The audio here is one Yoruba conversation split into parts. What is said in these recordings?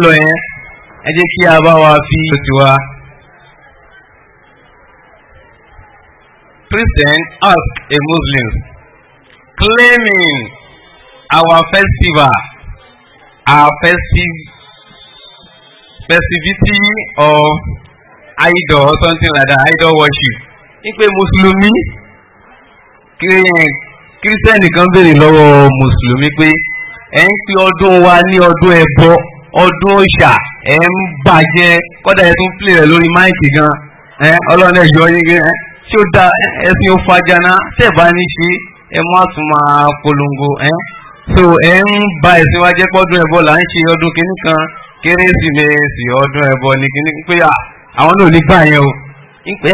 ń lọ yẹn ẹ jẹ́ kí a bá wa fi tiwa. Christian ask a Muslim claiming our festival our festive festivity or idol or something like that idol worship ní pé mùsùlùmí kírísítẹ́nì kan béèrè lọ́wọ́ mùsùlùmí pé ẹ̀ ń pe ọdún wa ní ọdún ẹbọ. E ọdún òòṣà ẹ̀ ń bàjẹ́ kọ́dà ẹ̀ tún pìlẹ̀ rẹ̀ lórí máìkì gan ẹ̀ ọlọ́run ẹ̀jọ́ yín gan ẹ̀ ó da ẹ̀sìn òfàjànà tẹ̀ bá ní ṣe ẹ̀ má tún máa polongo ẹ̀ so ẹ̀ ń ba ẹ̀sìn wa jẹ́ pọ́dún ẹ̀bọ là ń ṣe ọdún kìíní kan kérésìmesì ọdún ẹ̀bọ ní kìíní pé àwọn náà ní gbà yẹn o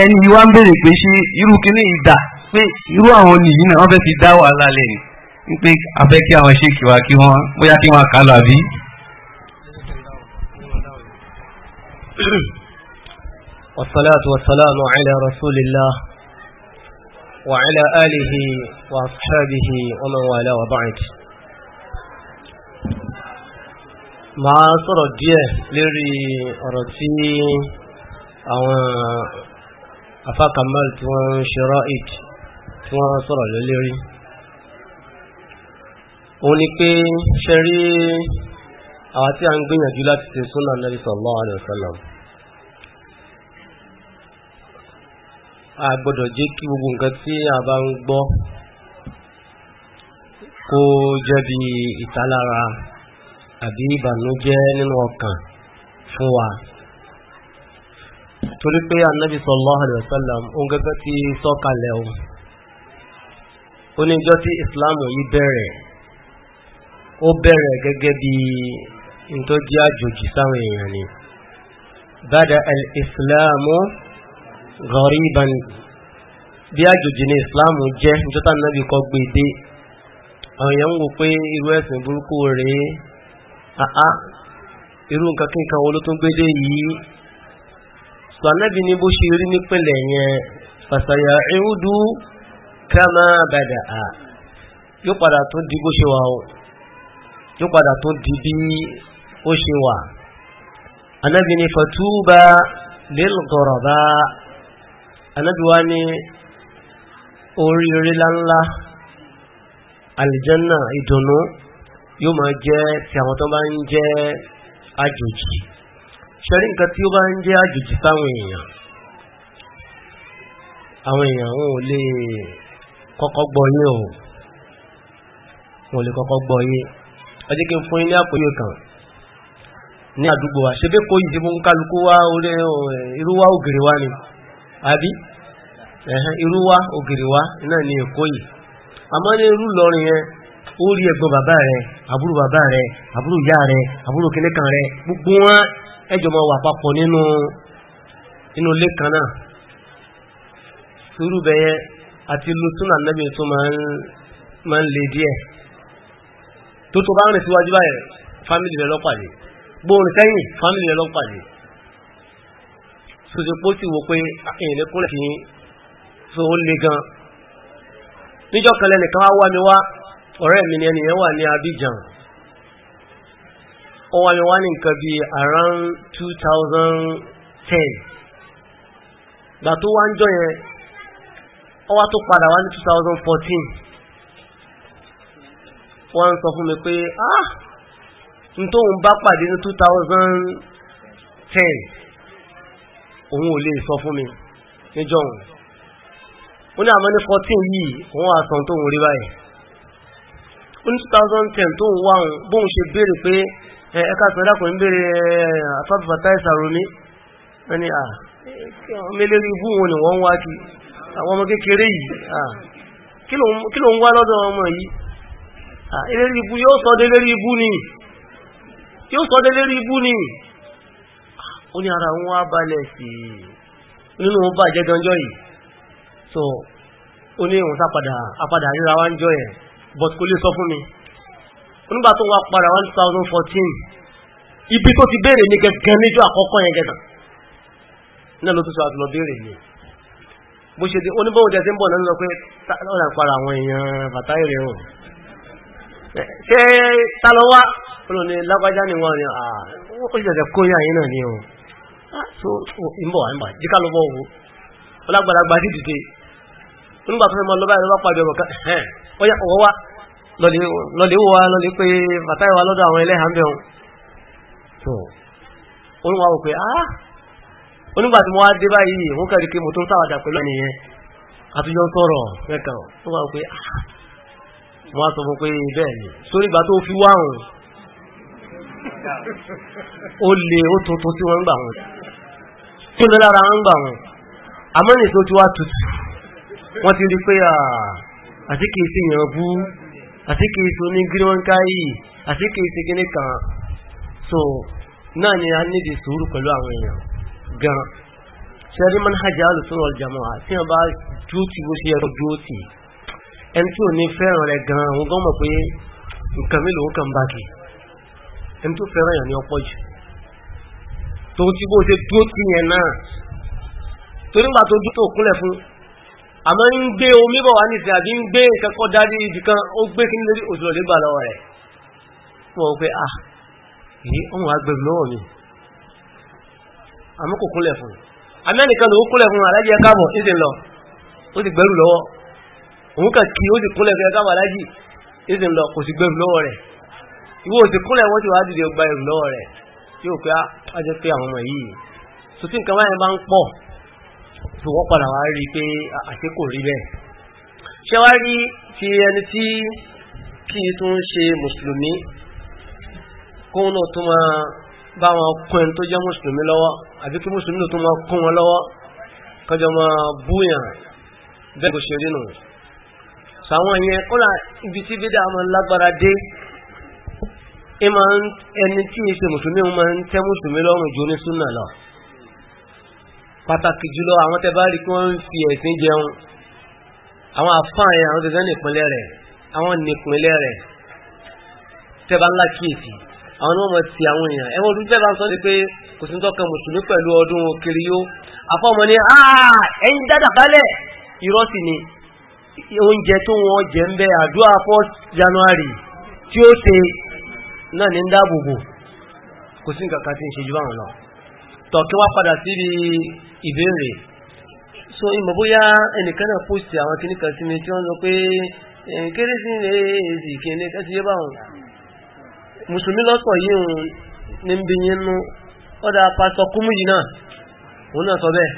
ẹni yìí wá ń béèrè pé ṣé irú kìíní yìí dà pé irú àwọn nìyí náà wọ́n fẹ́ fi dá wàhálà lẹ́yìn pé a fẹ́ kí àwọn ṣe kí wa kí wọ́n bóyá kí wọ́n kà àbí والصلاة والسلام على رسول الله وعلى آله وأصحابه ومن والاه وبعد ما sọ̀rọ̀ díẹ̀ lérí ọ̀rọ̀ tí àwọn afákàmọ́lì tí wọ́n ń ṣe ra'id tí wọ́n sọ̀rọ̀ lé lérí òun ni pé ṣe rí àwọn tí a ń gbìyànjú láti ṣe súnà Nabi sallallahu alaihi wasallam a gbọ́dọ̀ jẹ́ kí gbogbo nǹkan tí a bá ń gbọ́ kó jẹ́ bí ìtalára àbí ìbànújẹ́ nínú ọkàn fún wa torí pé Ànábì sallallahu alaihi ohun gẹ́gẹ́ ti o oníjọ́ tí Islam yìí bẹ̀rẹ̀ ó bẹ̀rẹ̀ gẹ́gẹ́ ndo di ajoji sawe yani bada al islamu ghariban di ajoji ni islamu je ndo ta nabi ko gbede awon yan wo pe iru esin buruku re a a iru nkan kin kan wo lo tun gbede yi so anabi ni bo se ri ni pele yen fasaya iudu kama badaa yo pada tun di bo se o yo pada ó ṣe wà anábì ní fatuba lil ghuraba anábì wá ní oríire láńlá alìjánà ìdùnnú yóò máa jẹ́ ti àwọn tó bá ń jẹ́ àjòjì ṣẹ́rí nǹkan tí ó bá ń jẹ́ àjòjì fáwọn èèyàn àwọn èèyàn wọn ò lè kọ́kọ́ gbọ́yé o wọn lè kọ́kọ́ gbọ́yé ọjọ́ fún yín àpòyè kan ní àdúgbò wa ṣe bẹ́ẹ̀ kó yìí mú kálukú wá orí irúwá ògèrè wá ni àbí irúwá ògèrè wá náà ni èkó yìí àmọ́ ní irú lọrin yẹn ó rí ẹ̀gbọ́n bàbá rẹ̀ àbúrò bàbá rẹ̀ àbúrò ìyá rẹ̀ àbúrò kìnìkan rẹ̀ gbogbo wọn ẹjọ́ máa wà papọ̀ nínú inú ilé kan náà sùúrù lu gbóòrùn sẹ́yìn fámìlì rẹ̀ lọ́pàdé sòsòpó sì wò pé èèyàn ah, lè kúrẹ̀ sí so ó le gan níjọ́ kan lẹ́nìkan wá wá mi wá ọ̀rẹ́ mi ni ẹnìyẹn wà ní Abidjan ó wá mi wá ní nǹkan bíi around 2010 gbà tó wá ń jọ yẹn ó wá tó padà wá ní 2014 wọ́n ń sọ fún mi pé ah tó ń bá pàdé ní 2010 òun ò lè sọ fún mi níjọ́ òun ó ní àmọ́ ní 14 yìí òun àsàn tó rí báyìí ó ní 2010 tó ń wá òun bóun ṣe béèrè pé ẹ̀ka sọ́dákùn ń béèrè àfábàtáìsà romi wọ́n ni à mẹ́lẹ́rí ibú wọn ni wọ́n wá kí àwọn ọmọ kékeré yìí kí ló wá lọ́dọ̀ ọmọ yìí eléri ibú yóò sọ dé ibú ni yóò sọ délé rí ibú ni ó ní ara wọn á balẹ̀ sí nínú bàjẹ́ ganjọ́ yìí so ó ní ìwọ̀n sápadà apadà ríra wá ń jọ ẹ̀ but kò lè sọ fún mi onígbà tó wá padà 2014 ibi tó ti béèrè ní gẹ́gẹ́ níjọ́ àkọ́kọ́ yẹn gẹ́gẹ́ náà ló tún sọ àtúnlọ béèrè ni bó ṣe oníbọ̀wọ̀ jẹ́ sí ń bọ̀ náà lọ pé ọ̀nà para àwọn èèyàn bàtà olóòní lágbájá ni wọ́n ni ó ṣẹ̀ṣẹ̀ kó yá yín náà ni o so ìmọ̀ àmà jíká lọ́wọ́ wo ọlágbàlagbà sí dìde nígbà tó fẹ́ mọ́ lọ́bàá lọ́bàá pàdé ọ̀rọ̀ kan ọ̀yà ọ̀wọ́ wa lọ́lẹ̀ wọ́ wa lọ́lẹ̀ pé bàtà ìwà lọ́dọ̀ àwọn ẹlẹ́hàn bẹ̀ wọn so òun wà wò ah onígbà tí mo wá dé báyìí òun kẹ́rì pé mo tó ń sáwàdà pẹ̀lú ẹnìyẹn àtúnjọ sọ̀rọ̀ ah mo wá sọ fún pé bẹ́ẹ̀ ni ó lè ó tuntun tí wọ́n ń gbà wọn tí lọ lára ń gbà wọn àmọ́nì tó ti wá tutù wọ́n ti rí pé àti kìí sí yàn bú àti kìí sí oní gíríwọ́nká yìí àti kìí sí gíní kan so náà ni a nídi sùúrù pẹ̀lú àwọn èèyàn gan ṣẹ́rí manhaj alùsùn ọ̀jàmọ́ àti wọn bá dúró tí bó ṣe ẹ̀rọ dúró tì ẹni tí ò ní fẹ́ràn rẹ̀ gan òun gan mọ̀ pé nǹkan mélòó kan bá kìí ẹni tó fẹ́ràn yàn ní ọ̀pọ̀ jù tó ti bó ṣe dúró ti yẹn náà tó nígbà tó dúró tó kúnlẹ̀ fún àmọ́ ń gbé omi bọ̀ wá nísìnyí àbí ń gbé nǹkan kọ́ dárí ibì kan ó gbé kí ní lórí òṣèlú nígbà lọ́wọ́ rẹ̀ wọ́n wọ́n pé à ah, èyí ọmọ agbẹ̀rù lọ́wọ́ mi àmọ́ kò kúnlẹ̀ fún àmì ẹnìkan ló kúnlẹ̀ fún alájí ẹ káàbọ̀ ní ti lọ ó sì gbẹ̀rù lọ́wọ́ òun kàn kí ó sì kúnlẹ̀ fún ẹ káàbọ̀ alájí ní ti lọ kò sì gbẹ̀rù lọ́wọ́ rẹ̀ ìwọ òsì kúnlẹ̀ wọ́n ti wá dìde gba ẹrù lọ́wọ́ rẹ̀ tí ó pé á ah, jẹ́ pé àwọn ọmọ yìí tó tí nǹkan báyìí bá ń pọ̀ tó wọ́n padà wá rí pé àṣẹ kò rí bẹ́ẹ̀ ṣé wá rí ti ẹni tí kí n tó ń ṣe mùsùlùmí kóun náà tó máa bá wọn kún ẹni tó jẹ́ mùsùlùmí lọ́wọ́ àbí kí mùsùlùmí tó máa kún wọn lọ́wọ́ kọjọ máa búyàn bẹ́ẹ̀ kò ṣe rí nù sàwọn yẹn kọ́là ibi tí bídà máa lágbára dé ìmọ̀ ẹni tí í ṣe mùsùlùmí ń máa ń tẹ́ mùsùlùmí lọ́rùn ju onísúnà lọ pàtàkì jùlọ àwọn tẹ́ bá rí kí wọ́n ń fi ẹ̀sìn jẹun àwọn àfáàyè àwọn tẹ̀sẹ̀ nìpínlẹ̀ rẹ̀ àwọn nìpínlẹ̀ rẹ̀ tẹ́ bá ńlá kíyèsí àwọn ọmọ ti àwọn èèyàn ẹ̀wọ̀n ojú tẹ́ bá sọ ní pé kò sí tọ́ka mùsùlùmí pẹ̀lú ọdún kiri yó àfọ́mọ ni ẹ̀yin dáadáa balẹ̀ irọ́ sì ni oúnjẹ tó wọn jẹ ń bẹ àdúrà 4 January tí ó ṣe náà ní ń dáàbòbò kò sí nǹkan kan tí ń ṣe jù báwọn lọ tọ̀kí wá padà síbi ìbéèrè so ìmọ̀ bóyá ẹnìkan náà pòsì àwọn kìnnìkan sí mi tí wọ́n sọ pé kéré sí ilé èsì kìnnì kẹ́sì yé báwọn mùsùlùmí lọ́sọ̀ yìí ń ní bí yín nú ọ̀dà pásítọ̀ kúmùyì náà òun náà sọ bẹ́ẹ̀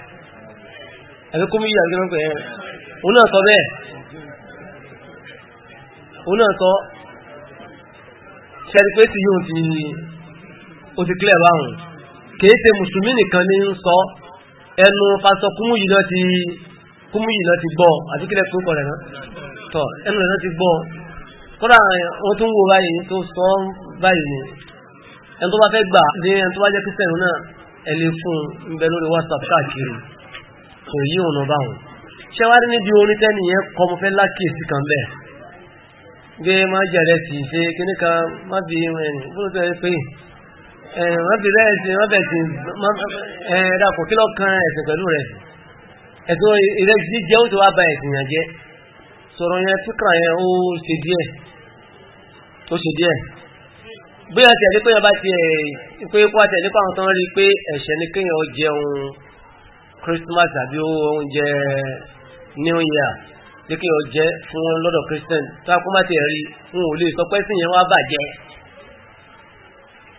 ẹ̀fẹ́ kúmùyì àgbẹ̀rún pẹ̀lú òun náà sọ bẹ́ẹ̀ òun náà sọ sẹ́ni pé tí yóò ti ó ti clear báwọn kìí ṣe mùsùlùmí nìkan ní ń sọ ẹnu pásọ kúmúyì náà ti kúmúyì náà ti gbọ́ àti kílẹ̀ kúkọ̀ rẹ̀ náà tọ̀ ẹnu rẹ̀ náà ti gbọ́ kọ́dà wọ́n tún wo báyìí tó sọ báyìí ni ẹni tó bá fẹ́ gbà ní ẹni tó bá jẹ́ kírísítẹ̀nù náà ẹ lè fún un ń bẹ lórí whatsapp káàkiri kò yí ọ̀nà báwọn ṣẹ́wárí níbi orin tẹ́nìyẹn kọ́ mo fẹ́ lákèsí kan bẹ́ẹ̀ gbé má jẹ̀rẹ̀ sì ṣe kíní kan má bí ẹni fúnlọ́ tó yẹ pé má bí rẹ̀ ẹ̀sìn má bẹ̀ sí ẹ̀dàkùn kí lọ́kàn ẹ̀sìn pẹ̀lú rẹ̀ ẹ̀sìn ìrẹsì jẹ́ ó ti wá ba ẹ̀sìn yàn jẹ́ sọ̀rọ̀ yẹn fíkà yẹn ó ṣe díẹ̀ ó ṣe díẹ̀ bóyá ti ẹ̀dí pé yẹn ti pé kó àti ẹ̀dí pé àwọn rí i pé ẹ̀ṣẹ̀ ni kéèyàn jẹun Christmas àbí oúnjẹ New Year jẹ́ kí ọ jẹ́ fún lọ́dọ̀ christian tó a kó má ti rí fún ò lè sọ pé sí yẹn wá bàjẹ́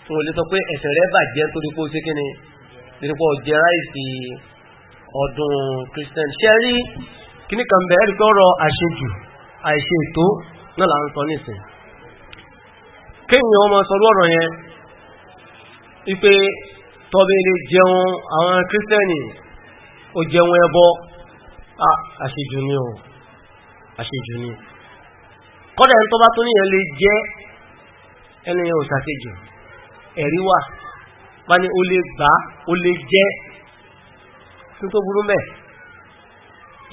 fún ò ọdún christian ṣe rí kíní kan bẹ̀ ẹ́rì kọ́rọ̀ àṣejù àìṣe ètò náà là ń sọ nísìn kéèyàn ọmọ sọ lọ́rọ̀ yẹn wípé tọ́bẹ̀ lè jẹun àwọn kírísítẹ́nì ó jẹun ẹbọ ah, àṣejù ni o àṣejù ni kọ́dà ẹni tó bá tó níyàn lè jẹ́ ẹni yẹn ò ṣàṣejù ẹ̀rí wà bá ní o lè gbà o lè jẹ́ tí tó burú mẹ́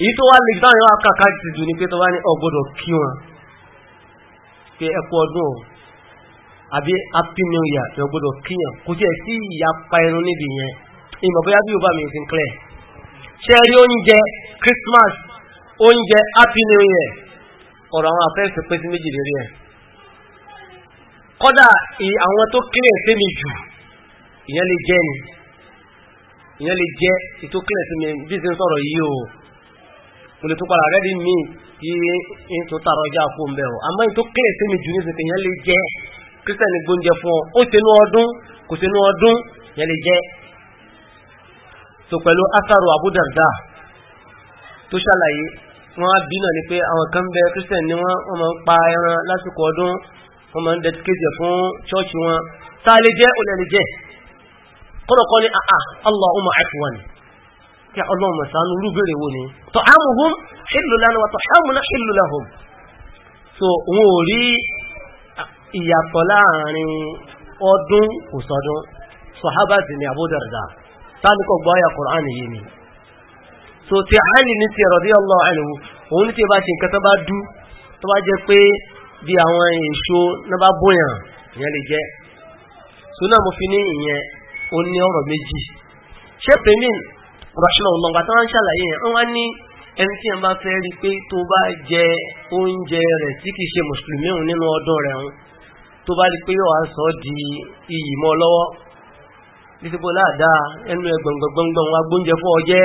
èyí tó wá lè dáhùn yóò kàkà ti dùn ní pé tó bá ní ọgbọ́dọ̀ kí wọn pé ẹkú ọdún àbí happy tí ọgbọ́dọ̀ kí yàn kò tí sí ìyapa ẹnu níbi yẹn ìmọ̀ bí o bá mi ti ń clear ṣe oúnjẹ Christmas oúnjẹ happy new year ọ̀rọ̀ àwọn afẹ́sì pé sí méjì lérí ẹ̀ kọ́dà àwọn tó kílẹ̀ sí mi jù ìyẹn lè jẹ́ ni ìyẹn lè jẹ́ ètò kílẹ̀ sí mi bí sí sọ̀rọ̀ yìí o mo lè tó padà rẹ́dí mi tí n tó tààrọ̀ ọjà fún bẹ́ẹ̀ o àmọ́ ètò kílẹ̀ sí mi jù ní sèké ìyẹn lè jẹ́ kírísítẹ̀nì gbóúnjẹ fún ọ ó ṣe ní ọdún kò ṣe ní ọdún ìyẹn lè jẹ́ so pẹ̀lú asaro Abu Darda tó ṣàlàyé wọ́n á bí náà ni pé àwọn kan bẹ christian ni wọ́n wọ́n máa ń pa ẹran lásìkò ọdún wọ́n máa ń dedicate fún ṣọ́ọ̀ṣì wọn tá a lè jẹ́ olè lè jẹ́ kọ́nàkọ́ ni àà Allahumma àtiwá ni kí ọlọ́run mọ̀sánú rúbèrè wo ni tọ́ àmùhún ṣílù lánàá wà tọ́ àmùná ṣílù láhùn so òun ò rí ìyàtọ̀ láàrin ọdún kò sọdún sọ̀hábàtì ni Abu Darda gbọ́ àyà Kùránì so ti ali ní ti radiyallahu anhu òun ní ti bá ṣe nǹkan tó bá dú tó bá jẹ́ pé bí àwọn èso náà bá bóyàn ìyẹn lè jẹ́ so náà mo fi ní ìyẹn ó ní ọ̀rọ̀ méjì ṣé pèmí rọ̀ṣùnà ọ̀nàgbà tó ń ṣàlàyé yẹn wọ́n ní ẹni tí ẹ bá fẹ́ rí pé tó bá jẹ oúnjẹ rẹ̀ tí kìí ṣe mùsùlùmí òun nínú ọdún rẹ̀ òun tó bá rí pé yóò wá sọ di iyì mọ́ lọ́wọ́ títí bó láàdáa ẹnu ẹgbọ̀ngbọ̀ngbọ̀n wa gbóúnjẹ fún ọjẹ́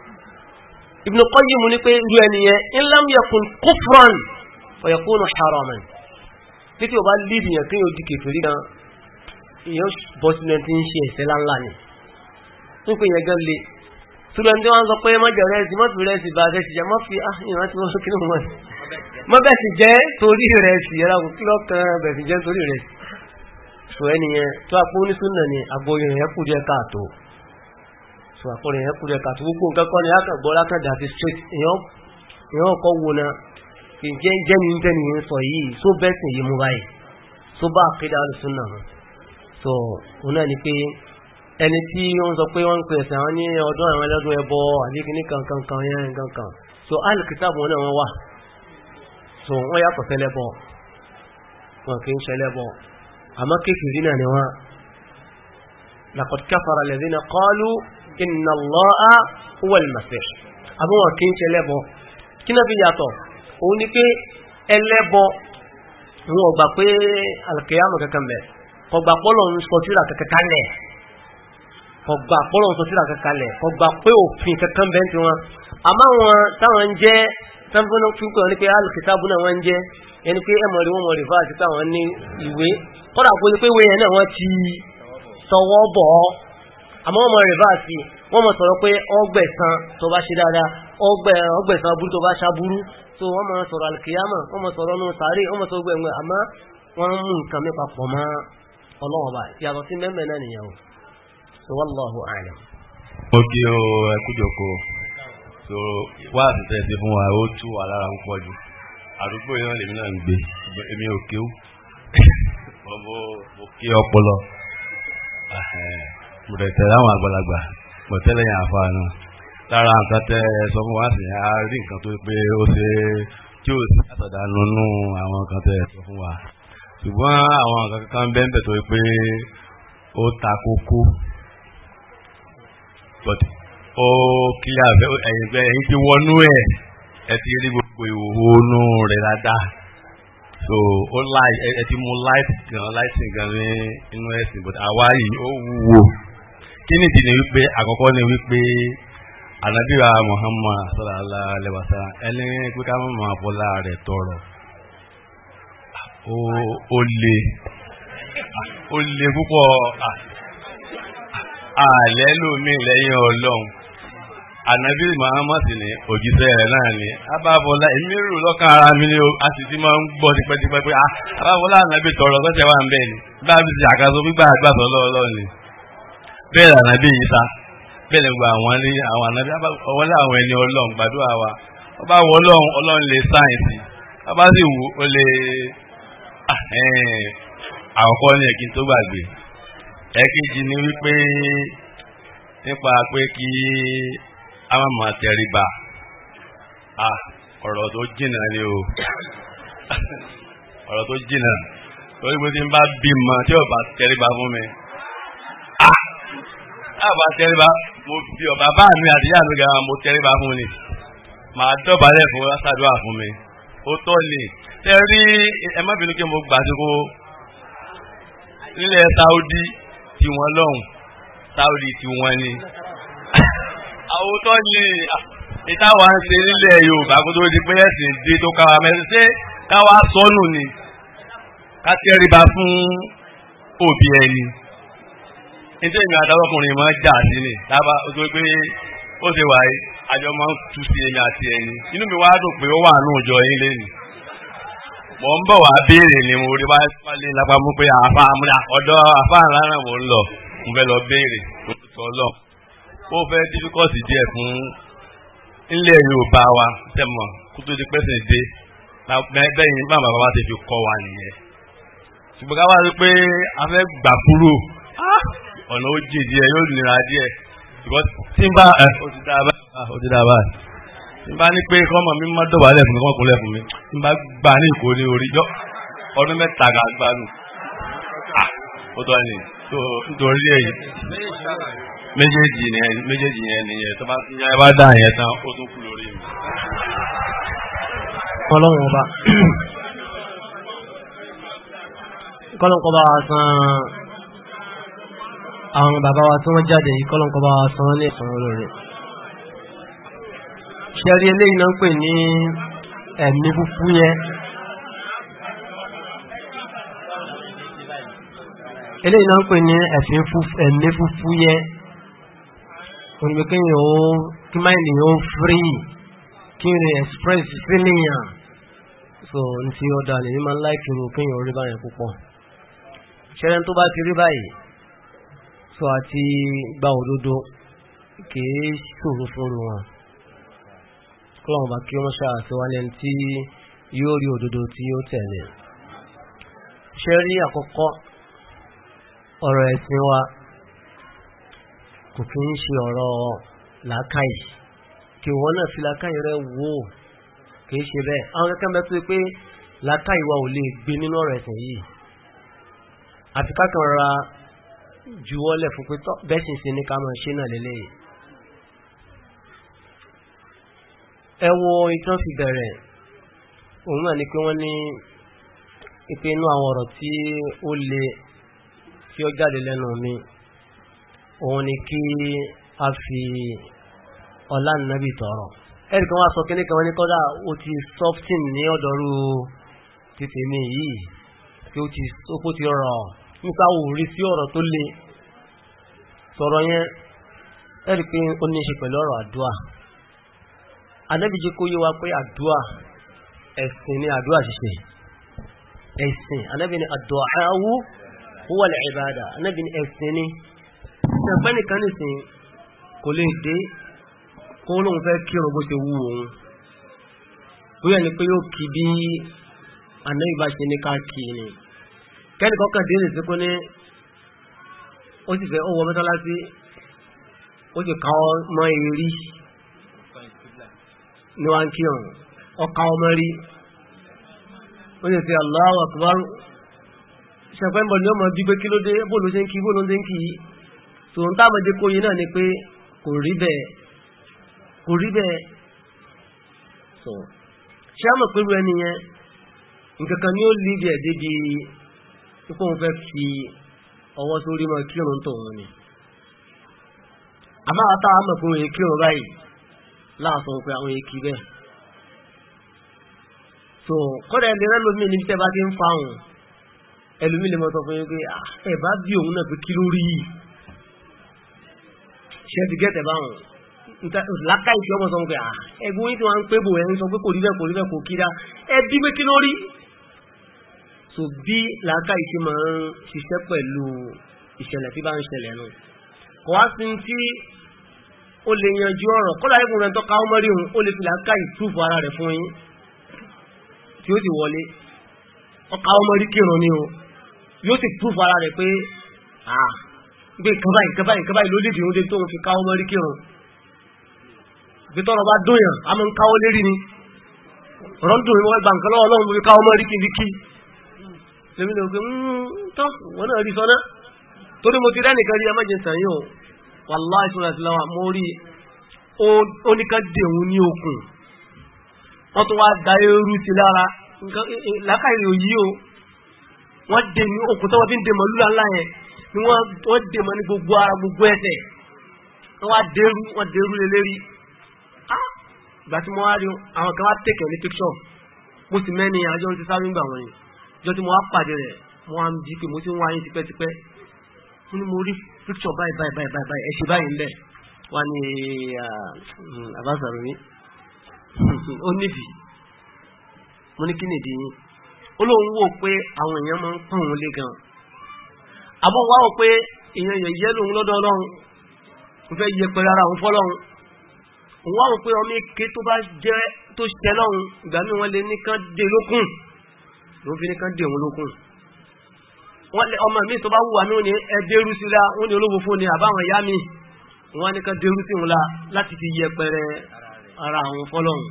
Ibn Qayyim ní pé irú ẹniyẹn in lam yakun kufran fa yakunu haraman tí kí o bá lè dìyàn kí o di kèfèrí gan èyàn bọ́ sínú ẹni tí ń ṣe ẹ̀ṣẹ̀ láńlá ni ń pè yẹn gan le sùgbọ́n tí wọ́n sọ pé mọ́jọ rẹ̀ sí mọ́fì rẹ̀ sí bá rẹ̀ sí jẹ́ mọ́fì ìran tí wọ́n kí ló mọ́bẹ̀ sì jẹ́ torí rẹ̀ sí ẹ̀rọ kí lọ́ bẹ̀ sì jẹ́ torí rẹ̀ sí sọ ẹniyẹn tó apó onísùn ni àgbóyè rẹ̀ kù díẹ̀ káàtó so àpọ̀rọ̀ èèyàn kúrẹ̀ kàtí gbogbo nǹkan kọ́ ni a gbọ́ lákàdà àti straight èèyàn kọ́ wo na kì í jẹ́ jẹ́ ní tẹ́ni yìí sọ yìí tó bẹ́ẹ̀ sì yìí mú báyìí tó bá àkídà alùsùn náà so òun náà ni pé ẹni tí ó sọ pé wọ́n ń pè àwọn ní ọdún àwọn ẹlẹ́dún ẹbọ àdíkíní kankankan yẹn kankan so alìkítàbù náà wọ́n wà so wọ́n yàtọ̀ sẹ́lẹ̀bọ̀ wọn kì í sẹ́lẹ̀bọ̀ àmọ́ kékeré inna Allaha huwal masih àbí wọn kì í ṣe ẹlẹ́bọ kí náà fi yàtọ̀ òun ni pé ẹlẹ́bọ wọn ò gbà pé al-qiyamah kankan bẹ̀ kò gbà pọ́lọ̀ ń sọ tíra kankan kalẹ̀ kò gbà pọ́lọ̀ ń sọ tíra kankan kalẹ̀ kò gbà pé òfin kankan bẹ̀ ń ti wọn àmọ́ wọn táwọn ń jẹ́ sanfona fúnkọ̀ ní pé alìkìtàbù náà wọ́n jẹ́ ẹni pé ẹmọ̀rí wọn mọ̀rí fáà ti pé àwọn ní ìwé kọ́dà kó lè pé ìwé yẹn náà wọ́n ti sọwọ́ bọ̀ àmọ́ ọmọ rẹ̀ bá sí wọ́n mọ̀ sọ̀rọ̀ pé ọgbẹ̀sán tó bá ṣe dáadáa ọgbẹ̀sán burú tó bá ṣaburú tó wọ́n mọ̀ sọ̀rọ̀ alkiyama wọ́n mọ̀ sọ̀rọ̀ ọ̀nà tààrí wọ́n mọ̀ sọ̀rọ̀ gbẹ̀ngbẹ̀ àmọ́ wọ́n ń mú nǹkan o so wallahu a'lam. mo rẹ̀ tẹ̀lé àwọn àgbàlagbà pọ̀ tẹ́lẹ̀ yẹn àfa náà lára nǹkan tẹ́ sọ fún wa sì á rí nǹkan tó pé ó ṣe tí ó sì àtọ̀dá nínú àwọn nǹkan tẹ́ sọ fún wa ṣùgbọ́n àwọn nǹkan kan bẹ́ẹ̀ bẹ̀ tó pé ó ta kókó ó kílẹ̀ àfẹ́ ẹ̀yìn ti wọnú ẹ̀ ẹ ti rí gbogbo ìhòòhò inú rẹ̀ dáadáa so ó láì ẹ ti mú láìsìn gan láìsìn gan ní inú ẹ̀sìn but àwa yìí ó wúwo kí nìdí ni wípé àkọ́kọ́ ni wípé ànábìwá Muhammad sallallahu alaihi wasallam ẹni pé ká máa fọlá rẹ̀ tọrọ ó le ó le púpọ̀ àlẹ́ lómi lẹ́yìn ọlọ́run ànábì Muhammad ni òjíṣẹ́ rẹ̀ náà ni abáfọlá èmi rò lọ́kàn ara mi ni a sì ti máa ń gbọ́ tipẹ́tipẹ́ pé ah, abáfọlá ànábì tọrọ sọ́jà wà ń bẹ́ẹ̀ ni bá a àkàtúntò gbígbà àgbà sọ́lọ́ọ̀lọ́ ni bẹ́ẹ̀ ànábì yìí sá bẹ́ẹ̀ ni gba àwọn ní àwọn ànábì ọwọ́lá àwọn ẹni ọlọ́run gbàdúrà wa ọba àwọn ọlọ́run ọlọ́run lè sáyẹ̀nsì ọba sì wù ó lè àkọ́kọ́ ní ẹ̀kí tó gbàgbé ẹ̀kejì ni wípé nípa pé kí a máa máa tẹríba ọ̀rọ̀ tó jìnnà ni o ọ̀rọ̀ tó jìnnà torí pé tí n bá bímọ tí ò bá tẹríba fún mi àbá tẹríba mo fi ọ̀bà bá mi àdíyà mi gan mo tẹríba fún ni màá dọ̀bálẹ̀ fún ṣàdúrà fún mi ó tọ́ ni tẹ rí ẹ má bínú kí mo gbà tó kó nílẹ̀ Saudi tí wọ́n lọ́hùn Saudi tí wọ́n ni àwòtọ́ ni ìta wa ń ṣe nílẹ̀ Yorùbá kó tó di pé ẹ̀sìn dé tó káwa mẹ́rin ṣé káwa sọnù ni ká tẹríba fún òbí ẹni nítorí èmi àtàwọn ọkùnrin máa jà sí ni lába ojú pé ó ṣe wà yìí àjọ máa ń tu sí èmi àti ẹni inú mi wá dùn pé ó wà nù jọ yín lẹ́nu mo ń bọ̀ wá béèrè ni mo rí wálé lápá mú pé àfa ọ̀dọ́ àfa ńlára mò ń lọ mo fẹ́ lọ béèrè tó sọ lọ ó fẹ́ difficult díẹ̀ fún ilé Yorùbá wa tẹ̀mọ̀ kó tó di pẹ́sìn dé bẹ́ẹ̀ ni bàbá bàbá ti fi kọ́ wa nìyẹn ṣùgbọ́n ká wá rí pé a fẹ́ gbà kúrò ah! ọ̀nà ó jè díẹ̀ yóò nira díẹ̀ tí n bá ó a ah, báyìí tí n bá ní pé kọ́mọ mi má dọ̀bálẹ̀ fún mi kọ́mọ kúnlẹ̀ fún mi tí n bá gbà ní ìkó ní orí yọ ọdún mẹ́ta gà gbádùn à ó tọ́ ni nítorí èyí méjèèjì yẹn méjèèjì yẹn nìyẹn tó bá ti yá bá dà yẹn tán ó tún kú lórí mi. kọ́lọ́run ọba kọ́lọ́run bá san àwọn bàbá wa tí wọ́n jáde yìí kọ́lọ́nkọ́ bá wa san ní ẹ̀sán olóore ṣẹ́rí eléyìí náà ń pè ní ẹ̀mí fúfú yẹn eléyìí náà ń pè ní ẹ̀mí fúfú yẹn òǹgbẹ́ yìí ó kí máa ní ó fírí kí n express feeling so n tí ó dalẹ̀ ní máa ń láìkì rò kí yìí ó rí báyẹn púpọ̀ ṣẹ́rẹ́ tó bá ti rí báyìí sọ àti gba òdodo kìí ṣòro fún wọn kọlọ́wọ́n bá kí wọ́n ṣáà tí wá lẹ́nu tí yóò rí òdodo tí yóò tẹ̀lé ṣe rí àkọ́kọ́ ọ̀rọ̀ ẹ̀sìn wa kò kí ń ṣe ọ̀rọ̀ làákàyè kí wọ́n náà fi làákàyè rẹ̀ wò kìí ṣe bẹ́ẹ̀ àwọn kẹ́kẹ́ mẹ́tò pé làákàyè wa ò lè gbé nínú ọ̀rọ̀ ẹ̀sìn yìí àfikà kan juwọ́lẹ̀ fún pé tọ́ bẹ́sìn sí ní ká máa ṣe náà lélẹ́yìí ẹ wo ìtàn fi bẹ̀rẹ̀ òun náà ni pé wọ́n ní ipe inú àwọn ọ̀rọ̀ tí ó le tí ó jáde lẹ́nu mi òun ni kí a fi ọlá nàbì tọrọ ẹ̀rì kan wá sọ kí ní kan wọ́n ní kọ́dà ó ti softin ní ọ̀dọ́rú títèmi yìí pé ó ti rọ̀ nípa òòrí sí ọ̀rọ̀ tó le sọ̀rọ̀ yẹn ẹ̀rí pé ó ní ṣe pẹ̀lú ọ̀rọ̀ àdúà anábìjì kó yé wa pé àdúà ẹ̀sìn ni àdúà ṣiṣẹ́ ẹ̀sìn anábì ni àdúà àwú ó wà lẹ́ẹ̀bàdà anábì ni ẹ̀sìn ni ṣẹ̀pẹ́ nìkan nìsín kò lè dé kó lóun fẹ́ kírun bó ṣe wú òun bóyá ni pé yóò kí bí anábì ṣe ní ká kí ni. kẹ́ni kọ́kàn dé nìsí kó ní ó sì fẹ́ owó mẹ́tọ́lásí ó sì ká ọmọ èrí ní wá ń kí ọ̀rùn ọká ọmọ rí ó sì fẹ́ Allahu Akbar ṣẹ̀fẹ́ ń bọ̀ ní ọmọ dúpẹ́ kí ló dé bóòlù ṣe ń kí bóòlù ṣe ń kí ń tábàdé náà ni pé kò rí bẹ́ẹ̀ kò rí bẹ́ẹ̀ sọ ni ó lè pípọ́ wọn fẹ́ fi ọwọ́ tó rí máa kírun tó wọn ni àbá àtà àmọ̀ pé wọn kírun báyìí láàsọ pé àwọn èkì bẹ́ẹ̀ so kọ́dà ẹlẹ́rẹ́ lómi níbi tẹ́ bá ti ń fa òun ẹlòmí lè mọ́ sọ fún yín pé ah, ẹ bá bí òun náà pé kí ló rí yìí ṣe ti gẹ́tẹ̀ báwọn lákàìsí ọmọ sọ fún pé ẹgbẹ́ oyin tí wọ́n ń pé bò ẹ̀ ń sọ pé kò rí bẹ́ẹ̀ kò rí bẹ́ẹ̀ kò kí dá ẹ bí pé kí ló rí so bí làákà yìí ṣe máa ń ṣiṣẹ́ pẹ̀lú ìṣẹ̀lẹ̀ tí bá ń ṣẹlẹ̀ nù kò wá sí tí ó lè yanjú ọ̀rọ̀ kọ́lá ẹ̀kùn rẹ̀ tọ́ka ọmọ rí òun ó lè fi làákà yìí ara rẹ̀ fún yín tí ó sì wọlé ọkà ọmọ rí kírun ni o yóò sì túfù ara rẹ̀ pé ah pé nǹkan báyìí nǹkan báyìí nǹkan báyìí ló lè dìrún dé tóun fi ká ọmọ rí kírun bí tọ́rọ bá dóyàn a máa ń káwọ́ lérí ni ọ̀rọ̀ ń dùn mí wọ́n gba nǹkan lọ́wọ́ mo fi ká ọmọ rí kí n fi kí lèmi lè gbé mm, tán wọn náà rí sọ́nà torí mo ti rẹ́nìkan rí amájẹsàn yìí o wàláì sọ́nà àti láwà mo rí oníkàdéhùn ní okùn wọ́n tún wá da eérú sí lára lákàrí òyí o wọ́n dè ní okùn tó wọ́n fi ń dè mọ́ lúlá ńlá yẹn ni wọ́n dè mọ́ ní gbogbo ara gbogbo ẹsẹ̀ wọ́n wá dérú wọ́n dérú lé lérí ìgbà tí mo wá rí àwọn kan wá tẹ̀kẹ̀ ní píkṣọ̀ mo sì mẹ́ni àjọ ti sáré ń gbà wọ́n yìí jọ tí mo wá pàdé rẹ̀ mo wá ń bí pé mo ti ń wá yín tipẹ́tipẹ́ mo ní mo rí píkṣọ̀ báyìí báyìí báyìí báyìí ẹ ṣe báyìí ń bẹ̀ wá ní hmm, àbáṣàròyìn ó nídìí mo ní kí nìdí yín ó lóun wò pé àwọn èèyàn máa ń pọ́n òun lé gan àbọ̀ wá wò pé èèyàn yẹn yẹ lòun lọ́dọ̀ ọlọ́run mo fẹ́ yẹ pẹ̀lú ara òun fọ́lọ́run òun wá wò pé ọmọ ike tó bá jẹ́ tó ṣẹlọ́run ìgbà míì wọ́n lè ní kán dé lókùn ló fi ní kán dè òun lókun wọ́n lẹ ọmọ mi tó bá wùwà ní òní ẹdẹ́rú sí la wọ́n ní olówó fún ni àbáwọn ìyá mi wọ́n ní kán dẹ́rú sí òun la láti fi yẹpẹrẹ ara àwọn fọ́lọ́hun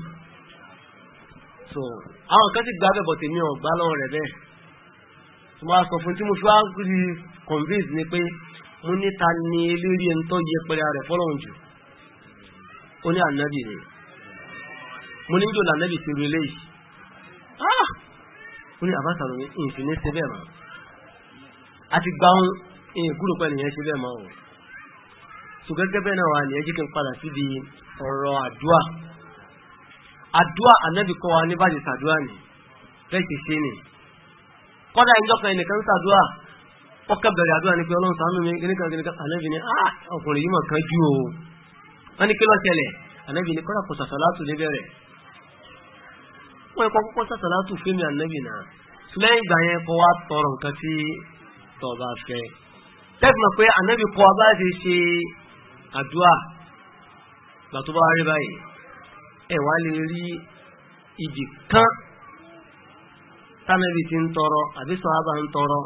so àwọn kan ti gba bẹ̀bọ̀ tèmi ò gbá lọ́wọ́ rẹ̀ bẹ́ẹ̀ tí mo sọ fún tí mo fi wá rí convince ni pé mo ní ta ni eléré ẹni tó yẹpẹrẹ rẹ̀ fọ́lọ́hun jù ó ní ànábì ni mo ní jòlá ànábì ti rí eléyìí ah! ó ní àbá sàlùmí ìfì ní ṣe bẹ́ẹ̀ mọ́ a ti gba ohun ìgúrò pẹ̀lú ìyẹn ṣe bẹ́ẹ̀ mọ́ o so gẹ́gẹ́ bẹ́ẹ̀ náà wà ní ẹjí kí n padà síbi ọ̀rọ̀ àdúà àdúà ànábì kọ́ wa ní sàdúà ni bẹ́ẹ̀ ti ṣe ni kọ́dà ìjọ kan ń sàdúà ọkọ̀ bẹ̀rẹ̀ àdúà ni pé ọlọ́run ṣàánú mi gẹ́nìkan gẹ́nìkan ànábì ni ah ọkùnrin yìí mọ̀ kan jú o wọ́n ní kí ló ṣẹlẹ̀ wọ́n ẹ̀kọ́ kọ́kọ́ sàtàlátù fíìmù ànábì náà lẹ́yìn ìgbà yẹn kọ́ wa tọrọ nǹkan tí tọba fẹ́ tẹ́gbọ̀n pé ànábì kọ́ wa bá ti ṣe àdúrà gbà tó bá wá rí báyìí ẹ̀ wá lè rí ibì kan tánàbì ti ń tọrọ àbí sọ́hábà ń tọrọ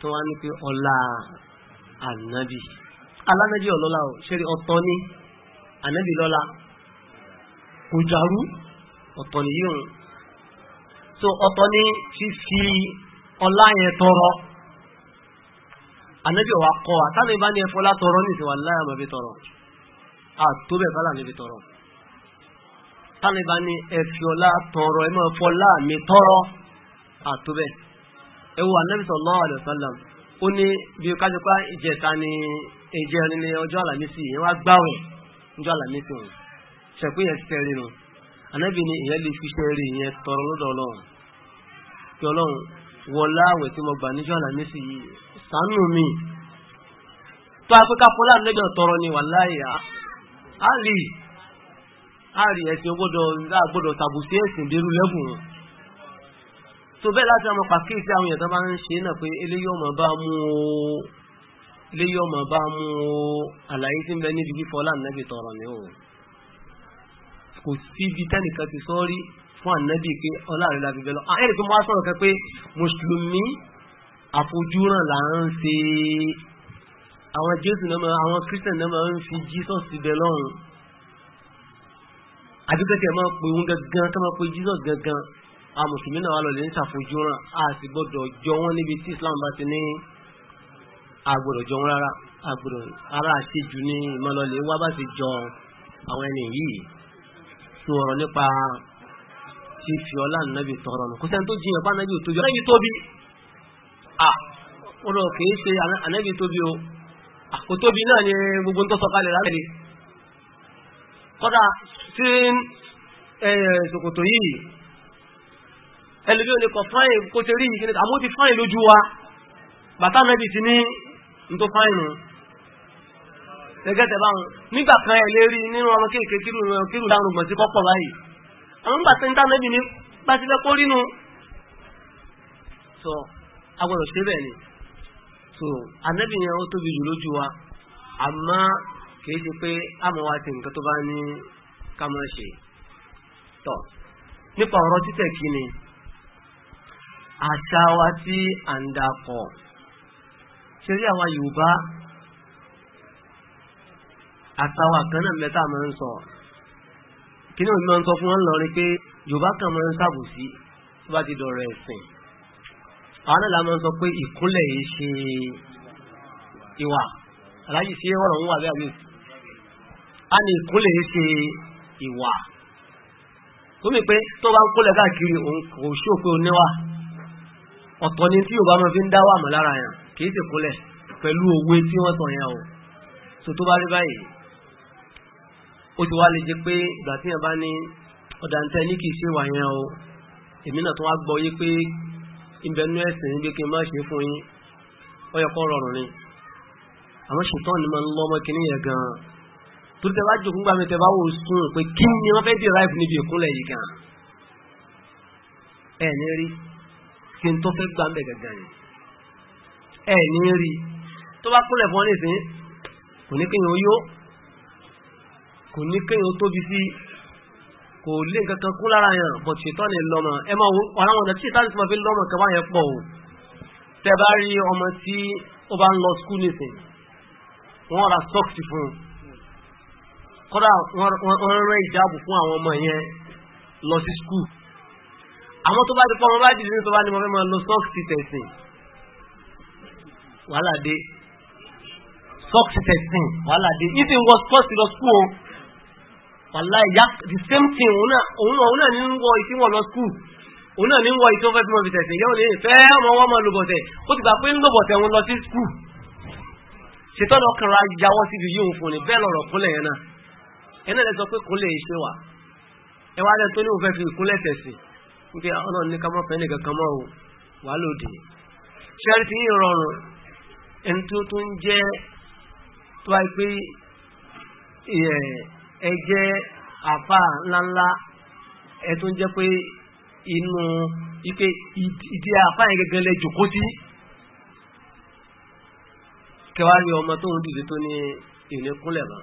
tó wá ní pé ọlá ànábì alánàbì ọlọ́lá ò ṣe ọ̀tọ̀ ni ànábì lọ́lá kò jàrú ọ̀tọ̀ nìyí òun so ọtọ ní fífi ọlá yẹn tọrọ anabi ọwa kọ wa ní tọrọ ní ìsìnwá láyà máa fi tọrọ àtó bẹ́ẹ̀ fọlá mi fi tọrọ táwọn ìbá ní ẹfiọlá tọrọ ẹ máa fọlá tọrọ àtó anabi ó ní bí kájọpá ìjẹta ní ìjẹrin ní yẹn wá wọn yẹn anabi ní ìyẹn lè fi tọrọ kí ọlọ́run wọlá àwẹ̀ tí mo gbà níjọ́ àlàmísì yìí sànú mi tó a pé kápọ́lá lẹ́jọ́ tọrọ ni wàláhì á rí á rí ẹ̀sìn gbọ́dọ̀ gbọ́dọ̀ tàbùsí ẹ̀sìn dérú lẹ́bùn tó bẹ́ẹ̀ láti ọmọ pàkíyèsí àwọn èèyàn tó bá ń ṣe náà pé eléyìí ọmọ bá mú o eléyìí ọmọ bá mú o àlàyé tí ń bẹ níbi fífọ́ láǹdẹ́bì tọrọ ni o kò síbi tẹ́nìkan ti sọ́ọ́rí fún ànábì pé ọláàrin la fi bẹ lọ à ah, ẹ̀rì pé mo wá sọ̀rọ̀ kan pé mùsùlùmí àfojúràn là ń ṣe àwọn jésù náà máa àwọn kírísítẹ̀n náà máa ń fi jesus bẹ lọ́run àdúgbẹ́tẹ̀ máa pe òun gangan ká máa pe jesus gangan a mùsùlùmí náà wà lọ́lẹ̀ ń ṣàfojúràn a sì gbọ́dọ̀ jọ wọ́n níbi tí islam bá ti ní àgbọ̀dọ̀ jọ wọ́n rárá àgbọ̀dọ̀ ara àṣejù ní ìmọ̀lọ́lẹ̀ wá bá ti jọ àwọn ẹni yìí sọ nípa fífi ọlá nàbì tọrọ nù kò sẹ́ni tó jiyàn bá nàbì tóbi ọ̀nàbì tóbi à wọn lọ kì í ṣe ànàbì tóbi o àkó tóbi náà ni gbogbo ń tọ́ sọ̀kalẹ̀ lábẹ́ rẹ̀ kọ́dà sí ṣòkòtò yìí ẹlòmí òní kọ fáìn kó ṣe rí yìí àmó ti fáìn lójú wa bàtà nàbì ti ní n tó fáìn nù gẹ́gẹ́ tẹ̀ báwọn nígbà kan ẹ̀ lérí nínú ọmọ kéèké kírù dárùn gbọ̀n kọ́pọ̀ báyìí àwọn bàtẹ́ ń dáná ibi ní bá ti fẹ́ kó rí nu. sọ agbọ́dọ̀ ṣe bẹ́ẹ̀ ni so anabi yẹn ó tóbi jù lójú wa àmọ́ kì í ṣe pé àmọ́ wa ti nǹkan tó bá ní ká máa ṣe tọ̀ nípa ọ̀rọ̀ títẹ̀ kí ni àṣà wa tí à ń dapọ̀ ṣe rí àwa Yorùbá àtàwà kan náà mẹ́ta máa ń sọ kí ni òun máa ń sọ fún wọn lọrin pé yorùbá kan máa ń ṣàbòsí tó bá ti dọ̀rọ̀ ẹ̀sìn àwọn náà la máa ń sọ pé ìkúnlẹ̀ yìí ṣe ìwà aláyìí sí ọ̀rọ̀ ń wà bí àbí a ní ìkúnlẹ̀ yìí ṣe ìwà tó pé tó bá ń kúnlẹ̀ káàkiri kò ṣòfin oníwà ọ̀tọ̀ ni tí yorùbá máa fi ń dá wà mọ́ lára yàn kì í sì kúnlẹ̀ pẹ̀lú òwe tí wọ́n sọ yẹn o so tó bá rí báyìí ó ti wá lè jẹ́ pé ìgbà tí yẹn bá ní ọ̀dà ń tẹ́ ní kìí ṣe wà yẹn o èmi náà tó wá gbọ́ yé pé ìbẹ̀nú ẹ̀sìn gbé kí n má ṣe fún yín ó yẹ kó rọrùn ni àwọn ṣùtọ́ ni máa ń lọ́mọ kìíní yẹn gan-an torí tẹ bá jòkó gbà mí tẹ bá wò sùn pé kí ni wọ́n fẹ́ dé ráìfù níbi ìkúnlẹ̀ yìí gan-an ẹ̀ ní rí kí n tó fẹ́ gbà ń bẹ̀ gàgà yìí ẹ̀ ní rí tó bá kúnlẹ̀ fún ọ kò ní kéèyàn tóbi sí kò lé nǹkan kan kún lára yàn bọ̀ ṣètọ́ ni lọ́mọ ẹ máa wo ara wọn tí ìtàlẹ̀ tí wọ́n fi lọ́mọ kan báyẹn pọ̀ o tẹ bá rí ọmọ tí ó bá ń lọ skul nìsín wọ́n ra socks fún un kódà wọ́n rẹ́ ìjáàbù fún àwọn ọmọ yẹn lọ sí skul àwọn tó bá ti pọ̀ wọn bá dìde ní tó bá ní mo fẹ́ máa lo socks ti tẹ̀sìn wàhálà dé socks ti tẹ̀sìn wàhálà dé yìí ti ń wọ socks lọ skul o wàlá ìyá the same thing òun náà òun náà ní ń wọ ìtí wọn lọ skul òun náà ní ń wọ ìtí wọn fẹ́ fi wọn fi tẹ̀sẹ̀ yẹ́wọ̀n ní ìfẹ́ ọmọ wọn máa lo bọ̀tẹ̀ ó ti gbà pé ń lo bọ̀tẹ̀ òun lọ sí skul ṣètọ́nà ọkàn ra yàwọ́ síbi yìí òun fún ni bẹ́ẹ̀ lọ̀rọ̀ kúnlẹ̀ yẹn náà ẹ náà lè sọ pé kúnlẹ̀ yìí ṣe wà ẹ wá lẹ́nu tó ní òun fẹ́ fi ìkúnlẹ̀ tẹ̀sí níbi ọ̀nà ní kámọ́ fẹ́ nìkan kan o wà lóde ṣẹ́rí ti yín rọrùn ẹni tó tó jẹ́ tó wáyé pé ẹ jẹ́ àfa ńláńlá ẹ tó pé inú ipe ìdí àfa yẹn gẹ́gẹ́ lẹ jòkó sí kẹwàá rí ọmọ tó ń dìde tó ní ìrìn kúnlẹ̀ mọ́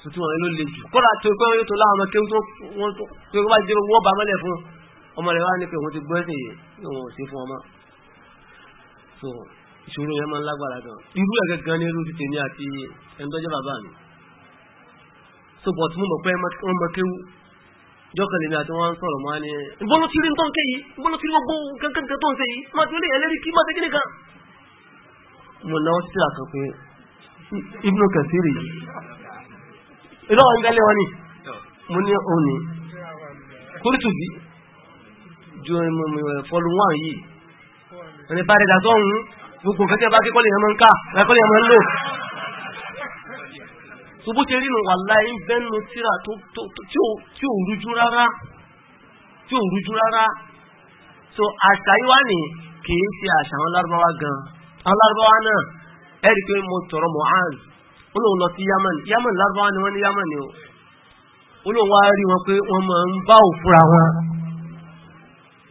tuntun wọn ló le jù kọ́ra tó pé wọ́n tó láwọn ọmọ kéwú tó wọ́n tó pé wọ́n bá jẹ́ wọ́n bá mọ́lẹ̀ fún ọmọ rẹ̀ wá ní pé òun ti gbọ́ ẹ̀sìn yìí ní òun ò sí fún ọmọ so ìṣòro yẹn máa ń lágbára gan irú ẹ̀ gẹ́gẹ́ ni. irú ti tèmi àti ẹni tó jẹ́ bàbá mi so but mo mọ̀ pé wọ́n mọ kéwú jọ́kẹ̀lẹ̀ mi àti ń sọ̀rọ̀ mọ́ ni ìbọ́nú kiri ń tọ́ ń ké yìí ìbọ́nú kiri gbogbo kankan tó ń ṣe yìí máa ti lé ẹlẹ́rìí kí máa ti kíni kan. mo náwó sí àkàn pé ibnu kẹsìrì ìlú ọ̀hún bẹ́lẹ̀ wọn ni mo ní òun ni kúrìtùbí ju fọlù wọn yìí wọn bá rẹ̀ dàtọ̀ ọ̀hún gbogbo kẹ́kẹ́ bá kíkọ́lẹ̀ yẹn máa ń ká tó bó ṣe rínu wàláhì ń bẹ́nu o tí ò rújú rárá tí ò so àṣà yìí wá ní kìí ṣe àṣà àwọn lárúbáwá gan àwọn lárúbáwá náà ẹ rí i pé mo tọrọ lọ sí Yaman Yaman lárúbáwá ni wọn ní Yaman o ó lóun wá rí wọn pé wọ́n máa ń bá òfúra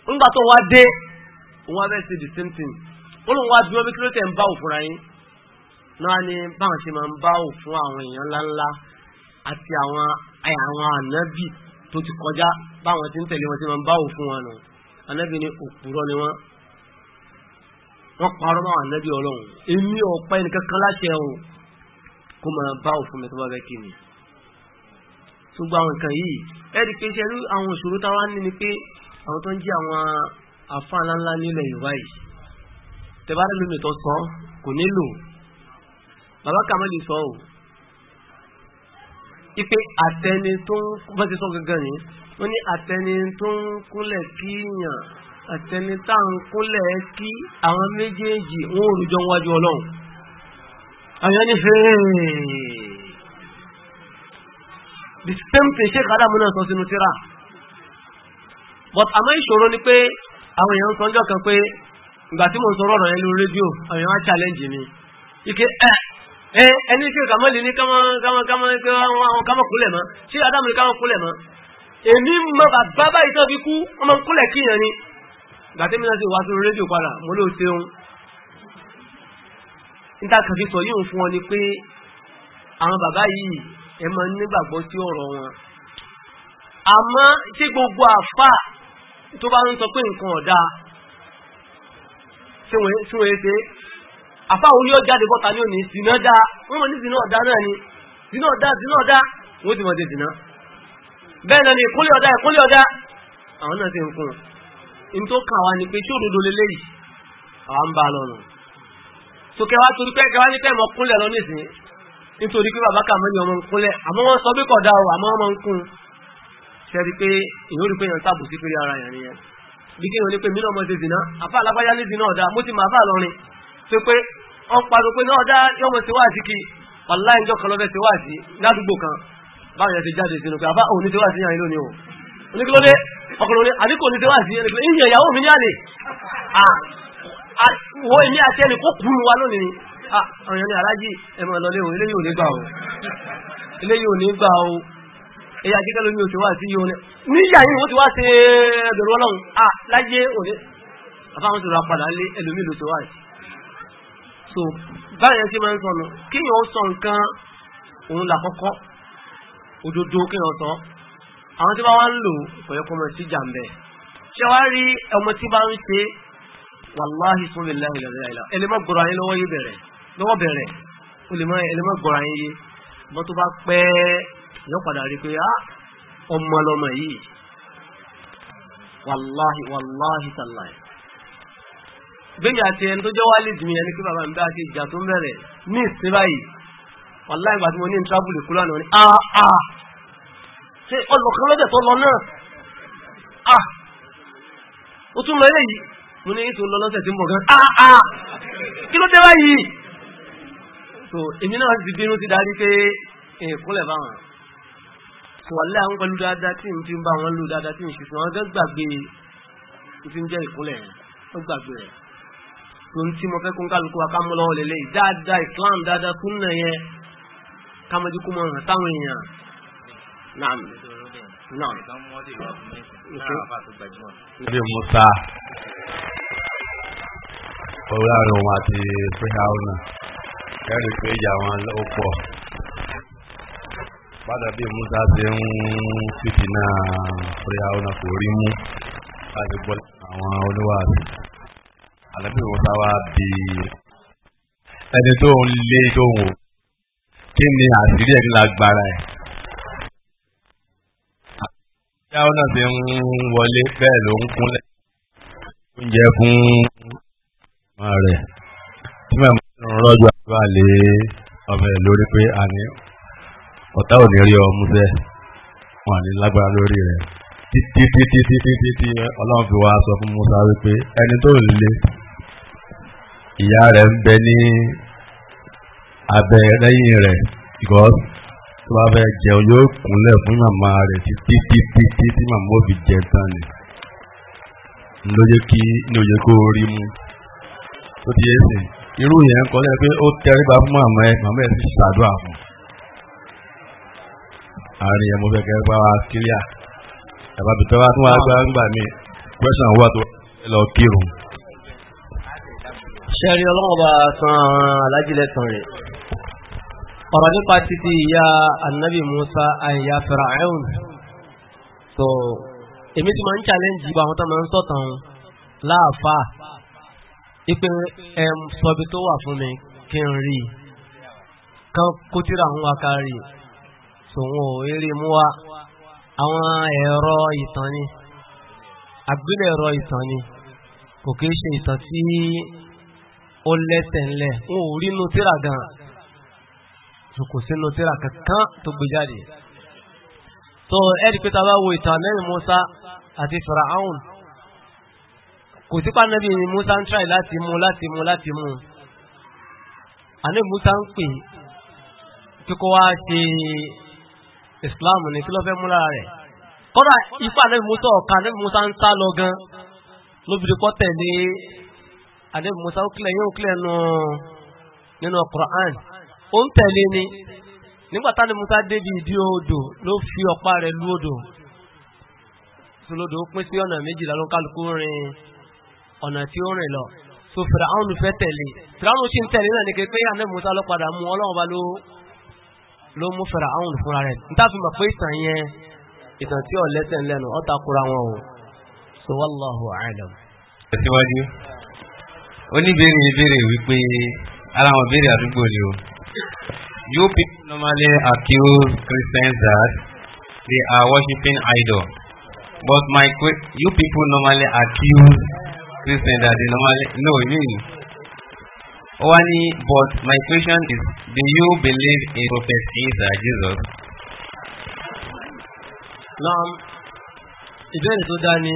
wọn nígbà tó wá dé òun wá ṣe the same thing ó lóun wá bí wọ́n bí kí ló náà ni báwọn ṣe máa ń bá wò fún àwọn èèyàn ńláńlá àti àwọn àwọn ànábì tó ti kọjá báwọn ti ń tẹ̀lé wọn ṣe máa ń bá wò fún wọn nù ànábì ni òpùrọ̀ ni wọ́n wọ́n parọ́ máa ànábì ọlọ́run èmi ọ̀pá ẹnìkan kan láṣẹ o kó máa bá wò fún mi tó bá fẹ́ kí mi. ṣùgbọ́n àwọn nǹkan yìí ẹ̀rí pé ṣe àwọn ìṣòro táwa ní ni pé àwọn tó ń jí àwọn àfáà ńláńlá nílẹ̀ Yorùbá bàbá kàmọ́lì sọ ò ipe àtẹni tó ń bá ti sọ gangan ni wọ́n ní àtẹni tó ń kúnlẹ̀ kíyàn àtẹni tá à ń kúnlẹ̀ kí àwọn méjèèjì wọn ò rújọ wájú ọlọ́run àwọn ní fẹ́ẹ́ the same thing ṣé kàdá múná sọ sínú tíra but àmọ́ ìṣòro ni pé àwọn èèyàn ń sọ ọjọ́ kan pé ìgbà tí mo ń sọ ọ̀rọ̀ yẹn lórí rédíò àwọn èèyàn á challenge mi ike ẹ eh, Eh, ẹni tí kàmọ́ lè ní kámọ́ kúlẹ̀ mọ́ tí adamu ní kámọ́ kúlẹ̀ mọ́ èmi mọ bàbá báyìí tó fi kú ọmọ kúlẹ̀ kíyàn ni gbàtẹ́mi náà ti wá sórí rédíò padà mo ló ṣeun níta kan fi sọ yóò fún ọ ni pé àwọn bàbá yìí ẹ máa nígbàgbọ́ sí ọ̀rọ̀ wọn àmọ́ tí gbogbo àfà tó bá ń sọ pé nǹkan ọ̀dà àfáwọn oní ọjà àdìbọ́ ta ni ò ní sinà dá wọ́n mọ̀ ní sinà ọ̀dá náà ni sinà ọ̀dá sinà ọ̀dá wọ́n ti mọ̀ ti sinà bẹ́ẹ̀ náà ni ìkúnlẹ̀ ọ̀dá ìkúnlẹ̀ ọ̀dá àwọn náà ti ń kún un tó kà wá ni pé ń bá lọ́nà tó kẹwàá torí pé kẹwàá ní kúnlẹ̀ nítorí pé bàbá kà mọ́ni ọmọ ara wọ́n pariwo pé náà dá yọmọ ṣe wáàsí kí wàláì ń jọ kan lọ́fẹ́ ṣe wáàsí ládùúgbò kan báyọ̀ ti jáde sínú pé àbá òní ṣe wáàsí yàn lónìí o oníkílódé ọkùnrin oní àdínkù òní ṣe wáàsí ẹnìkíló ìyẹn ìyàwó mi jáde wo èmi àti ẹnì kó kúrú wa lónìí ọ̀yàn ni aláàjì ẹ̀mọ̀ lọ léwu eléyìí ò ní gbà o eléyìí ò ní gbà o èyí àjẹkẹ́ lómi ò ti wá sí yóò ní níyà yìí wọ́n ti wá sí ẹgbẹ̀rún ọlọ́run láyé òní àbáwọn ti rà padà lé ẹlòmíì ló ti wá sí so báyẹn ṣe máa ń sọnù kíyàn ó sọ nǹkan òun làkọ́kọ́ òdodo kíyàn sọ àwọn tí bá wá ń lò pẹ̀lú kọmọ sí jàǹbẹ̀ ṣe wá rí ọmọ tí bá ń ṣe wàláhì fún mi láhìlẹ̀ láìlá ẹlẹ́mọ̀ gbọ́ra yín lọ́wọ́ yé bẹ̀rẹ̀ lọ́wọ́ bẹ̀rẹ̀ ẹlẹ́mọ̀ gbọ́ra yín yé bọ́ tó bá pẹ́ yọ padà rí pé á ah, ọmọ lọmọ yìí wàláhì wàláhì tàláì bẹ́ẹ̀ni àti ẹni tó jẹ́ wálé dùn yẹn ni pé bàbá mi bá ṣe ìjà tó ń bẹ̀rẹ̀ ní ìsìn báyìí wàlá ìgbà tí mo ní travel kúrò àná ni àà ah, ah. ṣe ọlọ́kan lọ́jọ́ tó lọ náà à ah. ó tún lọ eléyìí mo ní ètò lọ lọ́sẹ̀ tí ń bọ̀ gan àà kí ló dé báyìí so èmi náà ti bínú ti darí pé ìkúnlẹ̀ bá wọn so wàlá àwọn pẹ̀lú dáadáa tí n fi ń bá wọn lò dáadáa tí n ṣe fún wọn gbàgbé ìfi ń jẹ́ ìkúnlẹ̀ wọn gbàgbé rẹ̀ tó ń tí mo fẹ́ kún kálukú wa ká lọ́wọ́ lélẹ̀ dáadáa islam dáadáa tún nà yẹn ká mọ́jú kú mọ́ hàn táwọn èèyàn. naam naam. ilé musa ọlọ́run wọn àti fíhàúnà ẹ̀rí pé ìjà wọn ó pọ̀ padà bí musa ṣe ń fìdí náà fíhàúnà kò rí mú láti gbọ́ àwọn olúwa rẹ̀ àlàbí ìwòsà wa bí ẹni tó ń lé tó wò kí ni àṣírí ẹ̀ ńlá gbára ẹ̀. ìyáwó náà ti ń wọlé bẹ́ẹ̀ ló ń kúnlẹ̀ oúnjẹ fún ọmọ rẹ̀ tí màmá ń rọ́jò àdúrà lé ọmọ ẹ̀ lórí pé àní ọ̀tá ò ní rí ọmú bẹ́ẹ̀ wọn ní lágbára lórí rẹ̀ títí títí títí títí ọlọ́run fi wá sọ fún Musa wípé ẹni tó lè ìyá rẹ̀ ń bẹ ní abẹ lẹ́yìn rẹ̀ because tó bá fẹ́ jẹun yóò kúnlẹ̀ fún màmá rẹ̀ títí títí títí màmá ò fi jẹ tán ni lóye kí ní òye kó rí mu tó ti yé sè irú yẹn ń kọ́ lẹ́yìn pé ó tẹríba fún màmá ẹ màmá ẹ sì ṣàdúrà fún àárín yẹn mo fẹ́ kẹ́ bá wa kílíà ẹ̀bá bìtẹ́ wa tún wá gbá ń gbà mí kwẹ́sàn wà lọ kírun ṣẹ́rí ọlọ́wọ́ bá san alájílẹ̀ tán rẹ̀ ọ̀rọ̀ nípa títí ìyá annabi musa àyà fìràún so èmi ti máa ń challenge ìgbà àwọn tó máa ń sọ̀tàn láàfà ipe ẹm sọbi tó wà fún mi kí n rí kan kó tíra àwọn akárí so wọn ò eré mú wa àwọn ẹ̀rọ ìtàn ni àgbélẹ̀rọ ìtàn ni kò kí ń ṣe ìtàn tí ó lẹ́sẹ̀ ńlẹ̀ ń ò rí inú tíra gan kò sí inú tíra kankan tó gbé jáde tó ẹ̀rí pé tàbá wo ìtàn mẹ́rin Musa àti Firaun kò sí pa nàbí Musa ń tíráì láti mú láti mú láti mú àní Musa ń pè kí kó wá ṣe Islam ní kí ló fẹ́ mú lára rẹ̀ kọ́dà ipá nàbí Musa ọ̀ka nàbí Musa ń sá lọ gan lóbi kọ́ tẹ̀lé àdébù musa ó kílẹ̀ yóò kílẹ̀ nù nínú Qur'an ó ń tẹ̀lé ni nígbà táwọn musa débi ìdí odò ló fi ọ̀pá rẹ̀ lú odò solodò ó pín sí ọ̀nà méjìlá ló kálukú rin ọ̀nà tí ó rìn lọ so Firaun fẹ́ tẹ̀lé Firaun sì ń tẹ̀lé náà ni kékeré àdébù musa ló padà mú ọlọ́run bá ló ló mú Firaun fúnra rẹ̀ níta fi mọ̀ pé ìtàn yẹn ìtàn tí ò lẹ́sẹ̀ ńlẹ́nu ọ̀ta kura wọn o so wallahu a'lam. tẹ̀síwájú oníbèrè ìbéèrè wípé ara wọn béèrè àdúgbò ni o you people normally accuse Christians that they are worshiping idol but my you people normally accuse Christians that they normally no you mean, wá but my question is do you believe in prophet Isa Jesus. naam ìbéèrè tó dá ní.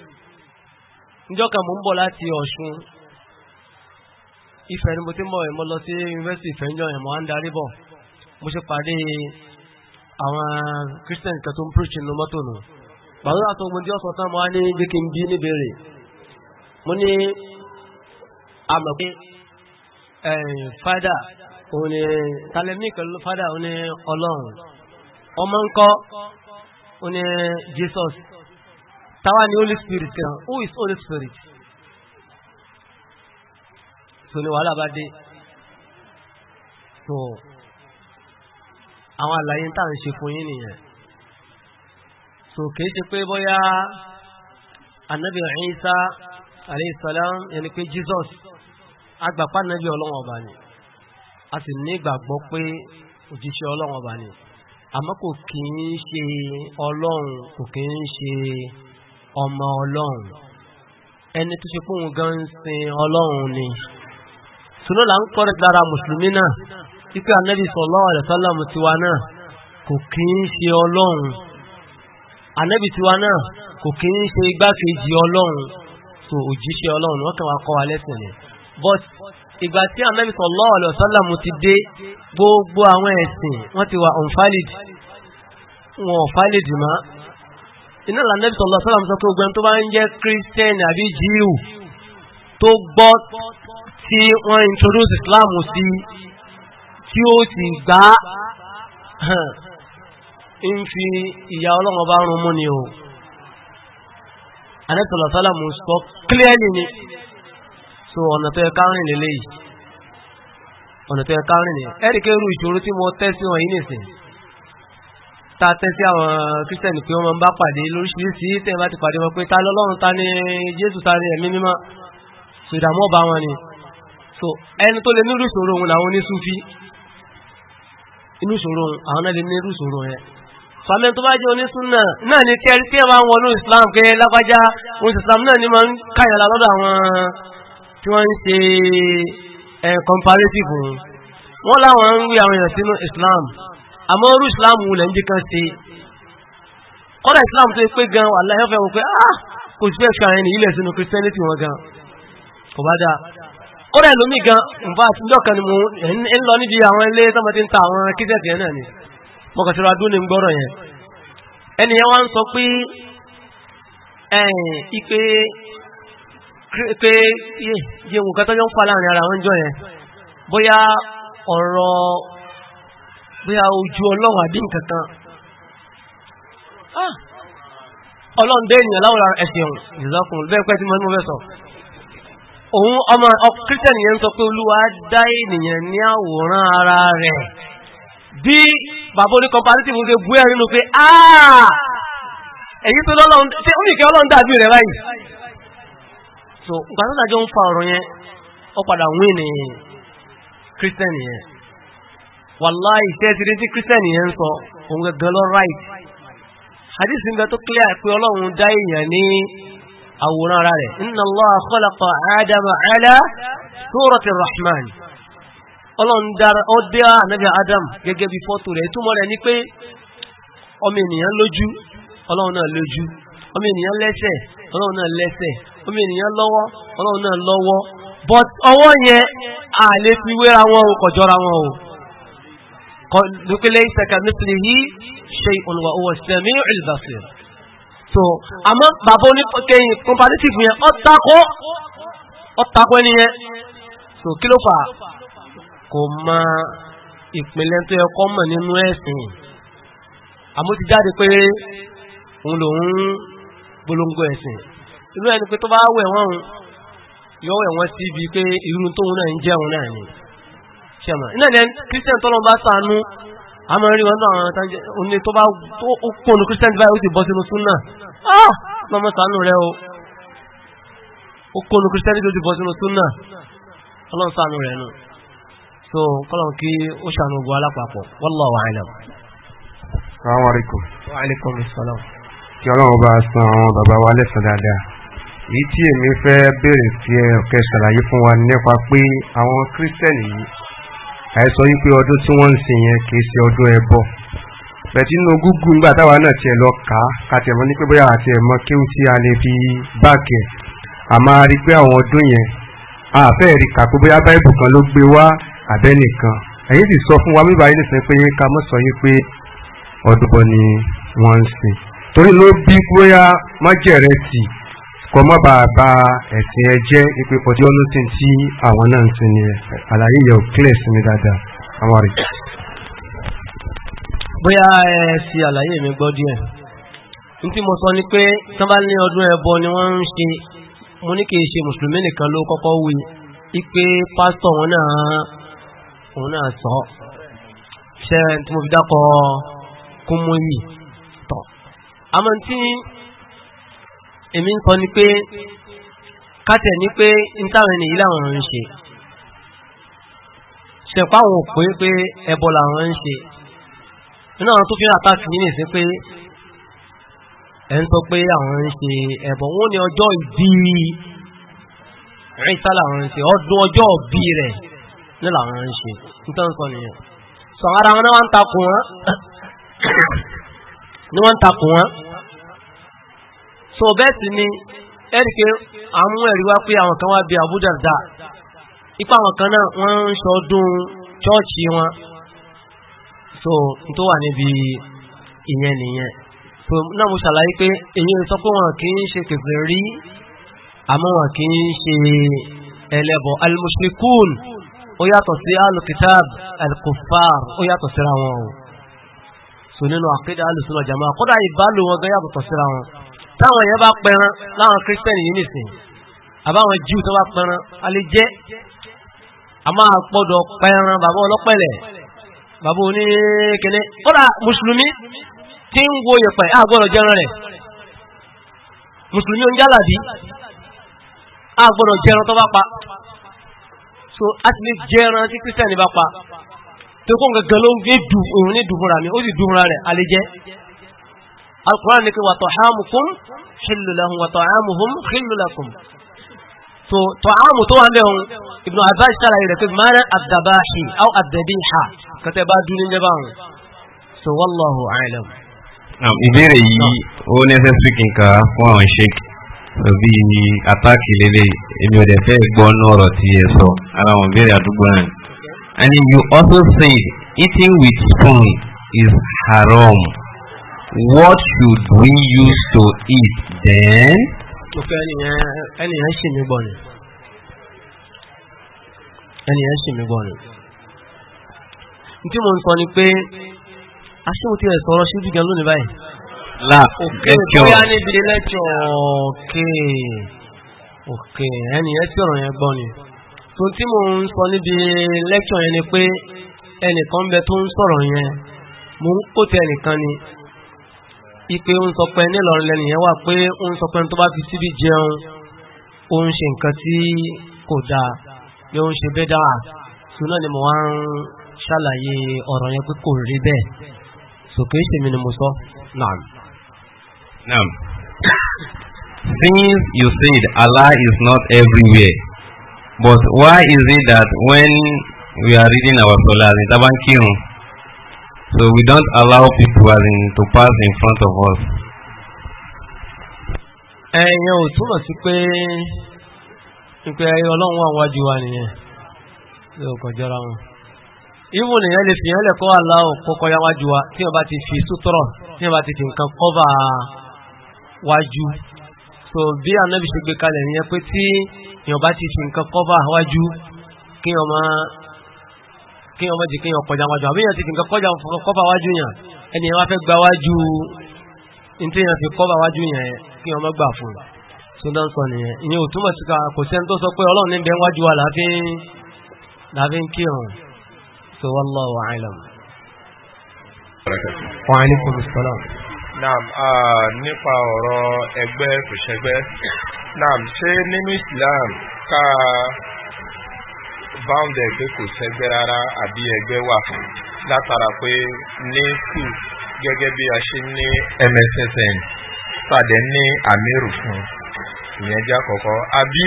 níjọ́ kan mò ń bọ̀ láti Ọ̀ṣun Ifẹ̀ ni mo ti ń bọ̀ mo lọ sí yunifásitì Ifẹ̀ níjọ́ yẹn mo á ń darí bọ̀ mo ṣe pàdé àwọn Christian kan tó ń preach nínú mọ́tò nù bàbá àti ogun tí ó sọ tán mo á ní jẹ́ kí n bí níbèrè mo ní àmọ̀ pé fada òun ni talemi pẹ̀lú fada òun ni Ọlọ́run ọmọ ń kọ́ òun ni Jesus táwa ni holy spirit kan who is holy spirit so ni wàhálà bá dé so àwọn àlàyé tá à ń ṣe fún yín nìyẹn so kìí ṣe pé bóyá anabi Isa alayhi yẹn ni pé jesus agbàpá anabi ọlọ́wọ́n ọba ni a sì ní ìgbàgbọ́ pé òjíṣẹ́ ọlọ́wọ́n ọba ni àmọ́ kò kì í ṣe ọlọ́run kò kì í ṣe ọmọ ọlọ́run ẹni tó ṣe pé òun sin ọlọ́run ni ṣùgbọ́n là ń kọ́rẹ̀ lára mùsùlùmí náà wípé anábì sallallahu alaihi wasallam tiwa náà kò kí ń ṣe ọlọ́run anábì tiwa náà kò kí ń ṣe igbákejì ọlọ́run so òjíṣẹ́ ọlọ́run wọ́n kàn wá kọ́ wa lẹ́sìn ni but ìgbà tí anábì sallallahu alaihi wasallam ti dé gbogbo àwọn ẹ̀sìn wọ́n ti wà unvalid wọn ò valid iná ìlànà ẹ̀bí sọ̀lọ́ sọ́lọ́m sọ pé ogun tó bá ń jẹ́ kírísítẹ́nì àbí jíù tó gbọ́ tí wọ́n introduce islam sí tí ó sì gbá ń fi ìyá ọlọ́run bá rún mú ni o anẹ́sọ̀lọ́ sọ́lọ́m sọ clearly ni so ọ̀nà tó yẹ kárìn lélẹ́yìí ọ̀nà tó yẹ kárìn ni ẹ̀ríkẹ́rù ìṣòro tí mo tẹ́ sí wọn yìí nìsín ta tẹ́tí àwọn kírísítẹ̀nì pé wọ́n bá pàdé lóríṣiríṣi tẹ́ bá ti pàdé wọn pé ta lọ́lọ́run ta ni jésù ta ni ẹ̀mí mímọ́ so ìdààmú ọba wọn ni so ẹni tó lè nírú ìṣòro òun làwọn oníṣúfí inú ìṣòro òun àwọn náà lè nírú ìṣòro yẹn fàmí tó bá jẹ́ onísúnà náà ni kẹrí tí ẹ bá ń wọnú islam pé lápájá oúnjẹ islam náà ni máa ń káyàlá lọ́dọ̀ àwọn tí wọ́n ń ṣe comparative wọn láwọn ń rí àwọn èèyàn sínú islam àmọ́ orú ìsìláàmù wulẹ̀ ń jí kan sí kọ́dà ìsìláàmù tó pé gan wà láyé ọ̀fẹ́ wọn pé ah kò sí ẹ̀ṣọ́ àyẹn ní ilẹ̀ sínú christianity wọn gan kò bá dáa kọ́dà ìlómi gan nfa àtijọ́kan ni mo ń lọ níbi àwọn ilé tọ́mọ ti ń ta àwọn kíṣẹ́ẹ̀tì yẹn náà ni mo kàn sí ra dúnni gbọ́rọ̀ yẹn ẹni yẹn wá ń sọ pé ipe pé yé yé nǹkan tó yọ ń fa láàrin ara wọn jọ yẹn bóyá ọ̀rọ̀ bóyá ojú ọlọ́run àbí nǹkan kan ah! ọlọ́run dé ènìyàn láwọn ẹ̀sìn ọ̀hún ìzákun bẹ́ẹ̀ pẹ́ tí mo fẹ́ sọ òun ọmọ kírísítẹ̀nì yẹn ń sọ pé olúwa dá ènìyàn ní àwòrán ara rẹ̀ bí bàbá oní comparative ń ṣe bú ẹ̀ nínú pé ah! èyí tó lọ́lọ́run tí ó nìkẹ́ ọlọ́run dàbí rẹ̀ báyìí so nǹkan tó dájọ́ ń fa ọ̀rọ̀ yẹn ó padà wí ní kírísítẹ̀nì yẹn wàláì tẹ́sìrí tí kírísẹ́nì yẹn ń sọ òun gẹ̀gẹ̀ lọ ráì hadith ń bẹ clear pé ọlọ́run dá èèyàn ní àwòrán ara rẹ̀ inna Allah khalaqa Adam ala surati Rahman ọlọ́run dára ó dé ànábì Adam gẹ́gẹ́ bí fọ́tò rẹ̀ ìtumọ̀ rẹ̀ ni pé ọmọ ènìyàn lójú ọlọ́run náà lójú ọmọ ènìyàn lẹ́sẹ̀ ọlọ́run náà lẹ́sẹ̀ ọmọ ènìyàn lọ́wọ́ ọlọ́run náà lọ́wọ́ but ọwọ́ yẹn àlè fi wéra wọn o kọjọ́ra wọn o lókè lẹ́yìn sẹ́ka mísìlì yìí ṣe olùwà owó ìsẹ̀mí ìlbàṣẹ̀. so àmọ́ bàbá oníkẹyìn comparative yẹn ọ̀tàkọ́ ọ̀tàkọ́ ẹni yẹn so kí ló fà kò mọ ìpínlẹ̀ tó yẹ kọ́ mọ̀ nínú ẹ̀sìn àmọ́ ti jáde pé òun lòun gbólóńgbò ẹ̀sìn irú ẹni pé tó bá wẹ̀ wọ́n yọ wẹ̀ wọ́n síbi pé irú tóun náà ń jẹun náà ni ṣẹ́mọ̀ iná ilẹ̀ christian tọ́lọ́ bá sànú àmọ́ rí wọn náà àwọn oní tó bá pọnù christian báyìí ó sì bọ́ sínú súnà ah màmá sànú rẹ o ó pọnù christian tó ti bọ́ sínú súnà ọlọ́run sànú rẹ nù so kọ́lọ̀n kí ó sànú ogun alápapọ̀ wallahu a'lam. assalamu alaikum. wa alaikum assalam. kí ọlọ́run bá san àwọn bàbá wa lẹ́sàn dáadáa èyí tí èmi fẹ́ béèrè fi ẹ̀ ọ̀kẹ́ ṣàlàyé fún wa nípa pé àwọn kírísítẹ́nì àìsọ wípé ọdún tí wọ́n ń ṣe yẹn kìí ṣe ọdún ẹbọ bẹ̀tí nínú gúgùn nígbà táwa náà tiẹ̀ lọ kà á kàtẹ̀ mọ́ ní pé bóyá àti ẹ̀mọ́ kéwù tí a lè fi báàkì ẹ̀ a máa rí pé àwọn ọdún yẹn àfẹ́ rí kà pé bóyá báìbù kan ló gbé wá àbẹ́nìkan ẹ̀yìn sì sọ fún wa bíbá yìí nìsín pé ká mọ́ sọ yín pé ọdún bọ ni wọ́n ń ṣe torí ló bí bóyá májẹ̀rẹ̀ tì kọmọ bàbá ẹ̀sìn ẹ jẹ́ ipe pọ̀jù ọ̀nà tí tí àwọn náà ń sin ni àlàyé yẹ ò clear sí mi dáadáa àwọn rẹ̀. bóyá ẹ ṣe àlàyé mi gbọ́ díẹ̀ n tí mo sọ ni pé tán bá ní ọdún ẹbọ ni wọ́n ń ṣe mo ní kì í ṣe mùsùlùmí nìkan ló kọ́kọ́ wí ipe pásítọ̀ wọn náà òun náà sọ ṣe tí mo fi dákọ̀ kúmọ́ yìí tọ̀ àmọ́ tí èmi ń sọ ni pé kátẹ̀ ní pé n táwọn ènìyàn làwọn ń ṣe ṣẹ̀pá àwọn ò pé pé ẹbọ làwọn ń ṣe nínú àwọn tó fi ń àtàkì yìí nìsín pé ẹ̀ ń sọ pé àwọn ń ṣe ẹbọ wọn ni ọjọ́ ìbí Ìsá làwọn ń ṣe ọdún ọjọ́ ìbí rẹ̀ ní làwọn ń ṣe nítorí sọ nìyẹn sọ ara wọn ni wọ́n ń takùn wọn. so bẹ́ẹ̀ sì ni ẹ̀ríkẹ́ àmú ẹ̀rí wá pé àwọn kan wá bí Abu Darda ipa àwọn kan náà wọ́n ń ṣọdún chọ́ọ̀chì wọn so n tó wà níbi ìyẹn nìyẹn so náà mo ṣàlàyé pé èyí sọ pé wọn kì í ṣe kèfèrí àmọ́ wọn kì í ṣe ẹlẹ́bọ al-mushrikun ó yàtọ̀ sí alukitab al-kuffar ó yàtọ̀ síra wọn o so nínú àkídà alùsùn ọ̀jàmọ́ àkọ́dà ìbálò wọn gan síra wọn táwọn èèyàn bá pẹran láwọn kírísítẹ́nì yìí nìsín àbáwọn jíù tó bá pẹran a lè jẹ́ a máa pọ́dọ̀ pẹran bàbá ọlọ́pẹ̀lẹ̀ bàbá oníkẹ́lẹ́ kódà mùsùlùmí tí ń wo yẹ̀pẹ̀ àgbọ̀dọ̀ jẹran rẹ̀ mùsùlùmí oúnjẹ àlàbí àgbọ̀dọ̀ jẹran tó bá pa so a ti lè jẹran tí kírísítẹ́nì bá pa tó kó nǹkan gan ló ń gbé dù òun ní dùbúra alukóran ni pé wà tọ̀hámùkún hìlùlàhùn wà tọ̀hámùhùn hìlùlàkùn so tọ̀hámù tó wà ń lẹ́hùn ibn abbas ṣàlàyé rẹ̀ pé mara àdàbáhì aw àdàbíhà kẹtẹ bá dúró ní báwọn so wallahu a'lam. ìbéèrè yìí ó nẹ́sẹ̀sì kìnkà fún àwọn sheik bí àtàkì lélẹ̀ èmi ò dẹ̀ fẹ́ gbọ́ ọ̀rọ̀ tí ẹ sọ ara wọn béèrè àdúgbò náà and you also say eating with spoon is haram what should we use to eat then? mo fẹ́ ẹnìyẹn ẹnìyẹn sì mí gbọ́ ni ẹnìyẹn sì mí gbọ́ ni tí mo ń sọ ni pé aṣíwò tí ẹ̀ sọ̀rọ̀ síjú gan lónìí báyìí. la ẹjọ́ òkè níbi lẹ́jọ́ òkè òkè ẹnìyẹn tí ọ̀rọ̀ yẹn gbọ́ ni tó tí mo ń sọ níbi lẹ́jọ́ yẹn ni pé ẹnìkan bẹ tó ń sọ̀rọ̀ yẹn mo ń kó tẹ ẹnìkan ni ipe ń sọ pé nílọrin lẹ́nu yẹn wà pé ń sọ pé tó bá fi síbi jẹun ó ń ṣe nǹkan tí kò dáa ni ń ṣe bẹ́ẹ̀ dáa sùnà ni mo wá ń ṣàlàyé ọ̀rọ̀ yẹn pé kò rí bẹ́ẹ̀ sòkè ìṣèmi ni mo sọ naam. naam since you said Allah is not everywhere but why is it that when we are reading our solar ní tabankirun. So we don't allow people as in to pass in front of us. Ẹ̀yàn ò túmọ̀ sí pé ìpè ọlọ́run wà wájú wa nìyẹn ló kàn jọra wọn. Ibu nìyẹn lè fìyàn lẹ̀kọ́ aláwọ̀ kọ́kọ́ yá wájú wa tí wọ́n bá ti fi sútọ́rọ̀ tí wọ́n bá ti fi nǹkan kọ́bà wájú. So bí anábì ṣe gbé kalẹ̀ nìyẹn pé tí wọ́n bá ti fi nǹkan kọ́bà wájú kí wọ́n máa kí ọmọ jì kí ọ kọjá wájú àbí èèyàn ti fi nǹkan kọjá kọ́bà wájú yàn ẹni yẹn wá fẹ́ gba wájú ní yẹn fi kọ́bà wájú yàn kí ọmọ gbà fún sundan sọ nìyẹn ìyẹn ò túmọ̀ sí ká kò sẹ́ni tó sọ pé ọlọ́run ní bẹ́ẹ̀ wájú wa láfi ń kírun so wallahu a'lam. wa alaikum assalam. naam nípa ọ̀rọ̀ ẹgbẹ́ kò ṣẹgbẹ́ naam ṣé nínú Islam ká báwùndẹ̀ pé kò sẹ́gbẹ́ rárá àbí ẹgbẹ́ wà látara pé ní kù gẹ́gẹ́ bí a ṣe ní MSSN pàdé ní àmírù fún ìyẹn jẹ́ àkọ́kọ́ àbí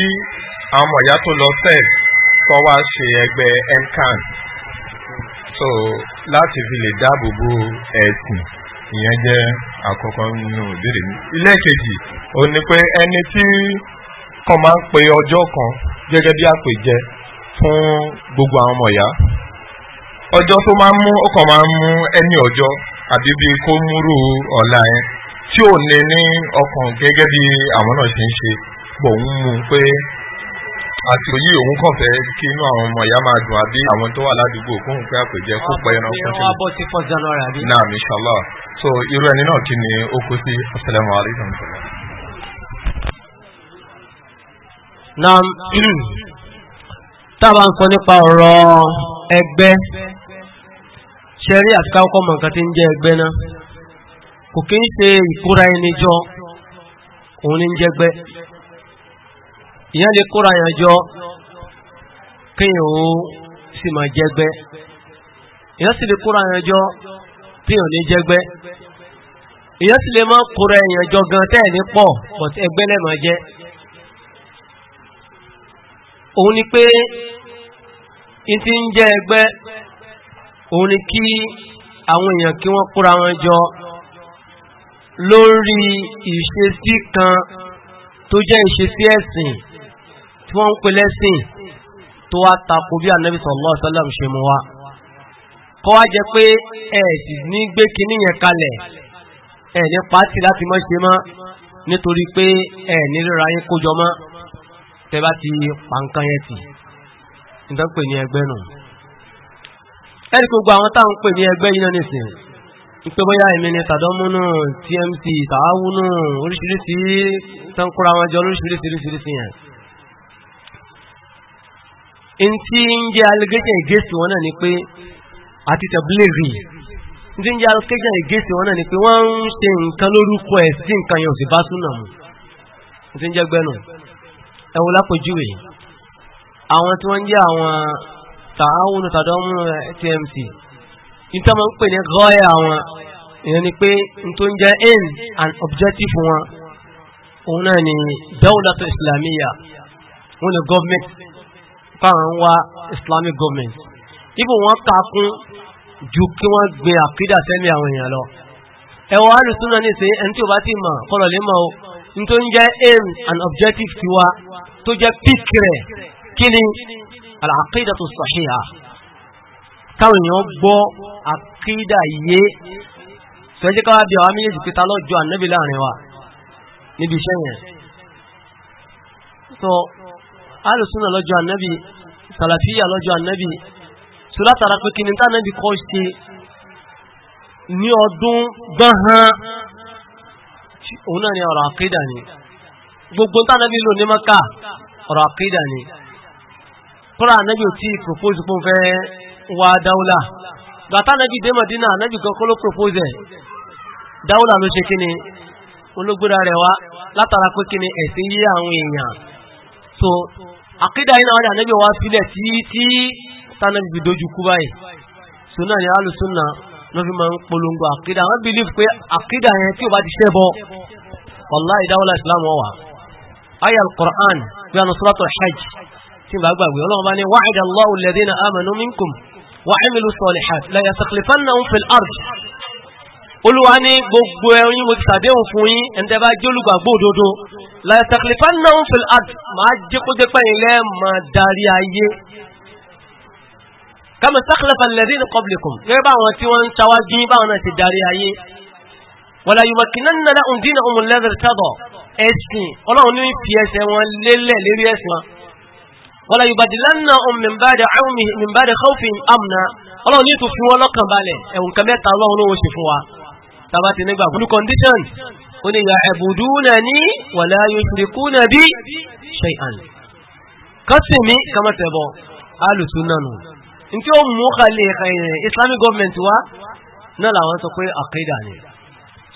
àwọn tó lọ fẹ́ kọ́ wá ṣe ẹgbẹ́ so láti fi lè dáàbò bo ẹ̀sìn ìyẹn jẹ́ àkọ́kọ́ nínú ìbéèrè mi. ilé kejì ò ní pé ẹni tí kò pe ọjọ́ fún gbogbo àwọn ọmọ ìyá ọjọ́ tó máa ń mú ọkọ̀ máa ń mú ẹni ọjọ́ àbí bí kó múrú ọ̀la yẹn tí ò ní ní ọkàn gẹ́gẹ́ bí àwọn náà ṣe ń ṣe bọ̀ ń mú un pé àsìkò yìí òun kàn fẹ́ kí inú àwọn ọmọ ìyá máa dùn àbí àwọn tó wà ládùúgbò kóhùn pé àpèjẹ kó pẹ́ ẹran fún sílẹ̀. ọbọ̀ ti fọ́ january àbí. naam inshallah so irú ẹni náà kí ni ó kó sí asalaamu alaykum. Na táwa ń sọ nípa ọ̀rọ̀ ẹgbẹ́ ṣẹ́rí àti káwọ́kọ́ mọ̀ nǹkan tí ń jẹ́ ẹgbẹ́ náà kò kí ń ṣe ìkóra ẹni jọ òun ní ń jẹgbẹ́ lè kóra ẹni jọ kéèyàn sì máa sì lè kóra jọ ní gan tẹ́ẹ̀ ní pọ̀ pọ̀ ẹgbẹ́ òun ni pé n ti ń jẹ́ ẹgbẹ́ òun ni kí àwọn èèyàn kí wọ́n kóra wọn jọ lórí ìṣesí kan tó jẹ́ ìṣesí ẹ̀sìn tí wọ́n ń pè lẹ́sìn tó wá tako bí ànábì sallallahu alaihi wasallam ṣe mú wa kọ́ wá jẹ́ pé ẹ̀ sì ní gbé kinní yẹn kalẹ̀ ẹ̀ pàtì láti mọ́ ṣe mọ́ nítorí pé ẹ̀ nílò kójọ mọ́ tẹ́ bá ti pa nǹkan yẹn tì nítorí pè ní ẹgbẹ́ nù ẹni gbogbo àwọn táwọn pè ní ẹgbẹ́ yìí náà nìsín ìpé bóyá èmi ni tàdọ́múnú tmc tàáwúnú oríṣiríṣi tánkúra wọn jọ lóríṣiríṣiríṣiríṣi yẹn in tí ń jẹ́ allegation against wọn náà ni pé àti tẹ̀bílẹ̀rì in tí ń jẹ́ allegation against wọn náà ni pé wọ́n ń ṣe nǹkan lórúkọ ẹ̀ sí nǹkan yẹn ò sì bá súnà mu in tí ń jẹ́ gbẹ́nu ẹwọ lápòjúwe àwọn tí wọ́n jẹ́ àwọn tààwọn tàdọ́mù tmc nítorí wọ́n ń pè ní gọ́ọ̀yà àwọn èèyàn ni pé n tó ń jẹ́ aim and objective wọn òun náà ni dawlatul islamiyya wọn ni government fáwọn ń wá islamic government ibò wọn takun ju kí wọ́n gbin àkídà sẹ́mi àwọn èèyàn lọ ẹ̀wọ̀n alùsùn náà ní ẹni tí ò bá ti mọ̀ kọ́lọ̀ lè mọ̀ o tó ń jẹ́ aim and objective tiwa tó jẹ́ pick rẹ̀ kí ni al-aqidatu sahiha káwọn èèyàn gbọ́ àkídà yé sọ́jẹ́ káwà bí àwọn méjèèjì pé lọ́jọ́ ànábì láàrin wa níbi iṣẹ́ yẹn so alùsùnà lọ́jọ́ ànábì sàlàfíà lọ́jọ́ ànábì so látara pé kí ni tá ànábì kọ́ ṣe ní ọdún gbọ́n òun náà ni ọ̀rọ̀ àkídà ni gbogbo ń tánàbí lò ní maka ọ̀rọ̀ àkídà ni kọ́ra anábì ò tí ì propose pé ó fẹ́ wá dáúlà gbàtà dé Mọ̀dínà anábì kankan ló propose dáúlà ló ṣe kí ni ológbóra rẹ̀ wá látara pé kí ni ẹ̀sìn so àkídà yìí náà wọ́n anagbi wá sílẹ̀ tí tí dojú kú báyìí ló fi máa ń polongo àkídà àwọn believe pé àkídà yẹn tí o bá ti ṣẹ́ bọ́ wàlá ìdáwọ́lá ìsìlámù ọ̀wà ayé al-Qur'an bí wọn sọ́rọ́ tó hajj tí bá gbàgbé ọlọ́run bá ní wa'ada Allahu alladhina salihat la yastakhlifannahum fil ard olúwa ní gbogbo ẹ̀yin mo ti ṣàdéhùn fún yín ẹ̀ǹtẹ́ bá jẹ́ olùgbàgbọ́ fil ard máa jẹ́ kó jẹ́ kama sakhlafa alladhina qablakum gẹ́gẹ́ bá àwọn tí wọ́n ń ṣáwájú báwọn náà ti darí ayé wala yumakkinanna lahum dinahum alladhi irtada ẹ̀sìn ọlọ́run ní fi ẹsẹ̀ wọn lélẹ̀ lérí ẹ̀sìn wọn wala yubadilannahum min ba'di aumihim min ba'di khawfihim amna ọlọ́run ní tó fi wọn lọ́kàn balẹ̀ ẹ̀wùn kan mẹ́ta ọlọ́run ló ṣe fún wa tàbá In tí ó mú kalẹ̀ eh, islamic government wá náà làwọn sọ pé àkídà ni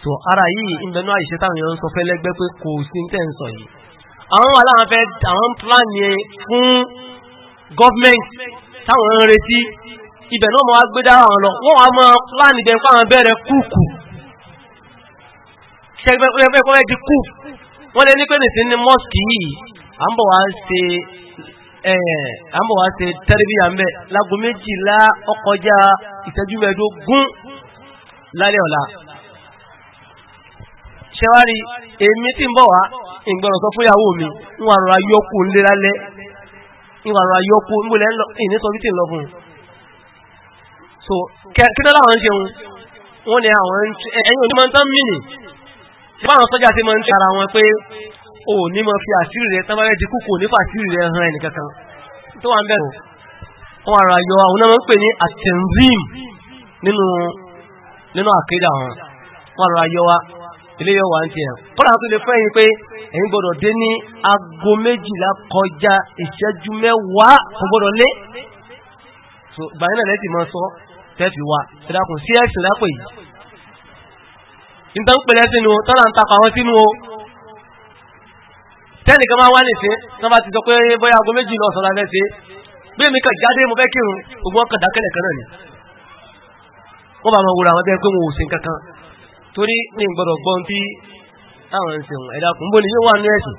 so ara yìí ìbẹ̀nú àìṣe táwọn èèyàn sọ fẹ́ lẹ́gbẹ́ pé kò sí tẹ́ ń sọ yìí àwọn aláwọn fẹ́ àwọn plan yẹn fún government táwọn ń retí ibẹ̀ náà mọ́ wá gbé dára wọn lọ wọ́n wá mọ́ plan ibẹ̀ fún bẹ̀rẹ̀ kúùkù ṣẹgbẹ́ pẹ́pẹ́ di kú wọ́n lé ní pé nìsín ní mosque yìí à ń bọ̀ wá ṣe ẹ̀yẹn eh, àmọ́ wá ṣe tẹ́rẹ́bíyà mẹ́ lágo méjìlá ọkọjá ìṣẹ́jú mẹ́ẹ̀ẹ́dógún lálẹ́ ọ̀la ṣẹwárí èmi tí ń bọ̀ wá ìgbọ̀rọ̀ sọ fún ìyàwó mi ń wà rọra yọkù ńlé lálẹ́ ń wà rọra yọkù ńgbọ̀lẹ́ ìnítọ́ títì lọ fún un so kí ló láwọn ń ṣe wọn ni àwọn ẹ̀yìn onímọ̀ ń tán mìíní ṣe báwọn sọ́jà o ní mọ fi àṣírí rẹ tán bá rẹ di kúkú ní fàṣírí rẹ hàn ẹnì kankan tó wà ń bẹ̀rù wọn ara yọ àwọn náà ń pè ní atenzim nínú nínú àkédà wọn wọn ara yọ wa ilé yọ wà ń tiẹ̀ fọ́nà tó lè fẹ́ yín pé ẹ̀yin gbọ́dọ̀ dé ní aago méjìlá kọjá ìṣẹ́jú mẹ́wàá kò gbọ́dọ̀ lé gbàyìn náà lẹ́tì máa sọ tẹ́tì wa ṣẹ̀dá kò sí ẹ̀sìn lápè yìí nítorí pẹ̀lẹ́sìn ni tọ́lá ń takọ̀ àwọn sínú o tẹ́nìkan máa wá nìsín tán bá ti sọ pé bóyá aago méjì lọ sọ láfẹ́ sí bí èmi kàn jáde mo fẹ́ kírun gbogbo ọkàn dákẹ́lẹ̀ kan náà ni wọ́n bá máa wúra àwọn tẹ́lẹ̀ pé wọn ò sí kankan torí ní gbọ́dọ̀ gbọ́n tí àwọn ń sèwọ̀n ẹ̀dá kùn bó ni yóò wà ní ẹ̀sìn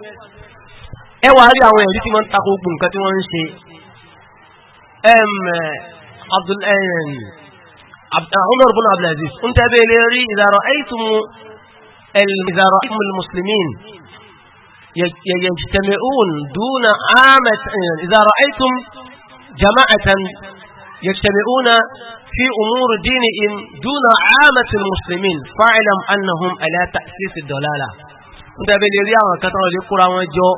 ẹ wàá rí àwọn ẹ̀rí tí wọ́n ń tako gbùn nǹkan tí wọ́n ń ṣe عمر بن عبد العزيز كنت أبي ليري إذا رأيتم إذا يجتمعون دون عامة إذا رأيتم جماعة يجتمعون في أمور دينهم دون عامة المسلمين فاعلم أنهم على تأسيس الدلالة nígbà bí lè rí àwọn kan táwọn lè kóra wọn jọ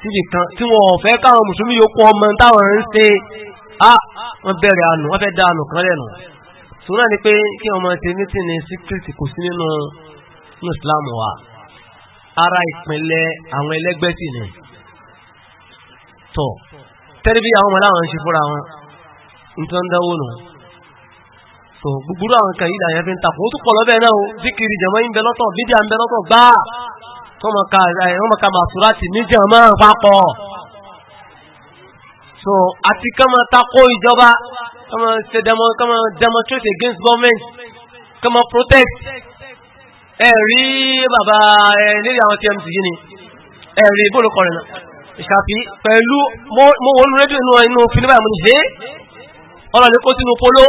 síbi kan tí wọn ò káwọn mùsùlùmí yòókù ọmọ táwọn ń ṣe á wọn bẹ̀rẹ̀ àánú wọn fẹ́ dá àánú kan lẹ́nu sùúrù ni pé kí ọmọ ti mítìní síkírìtì kò sí nínú Islam wa ara ìpínlẹ̀ àwọn ẹlẹ́gbẹ́ sì ni tọ̀ tẹ́rẹ́bí àwọn ọmọ láwọn ṣe fúnra wọn nǹkan dáwó nù tọ̀ gbogbo àwọn kan yìí làyẹn fi ń takò ó tún pọ̀ lọ́bẹ̀ náà o zikiri jẹ̀mọ́ yìí ń bẹ lọ́tọ̀ bíbí à ń bẹ lọ́tọ̀ gbá wọ́n mọ̀ ká màsúrà tì ní jẹ̀mọ́ papọ̀ so àti kama takò ìjọba kama ṣe demonstrate against government kama protest ẹ̀rí bàbá ẹ̀lérí àwọn tmc yìí ni ẹ̀rí bóòlù kọrin náà ìṣàfi pẹ̀lú mo wọ́n rédíò inú inú filipa ìmúni ṣe ọlọ́ni kó sínú polo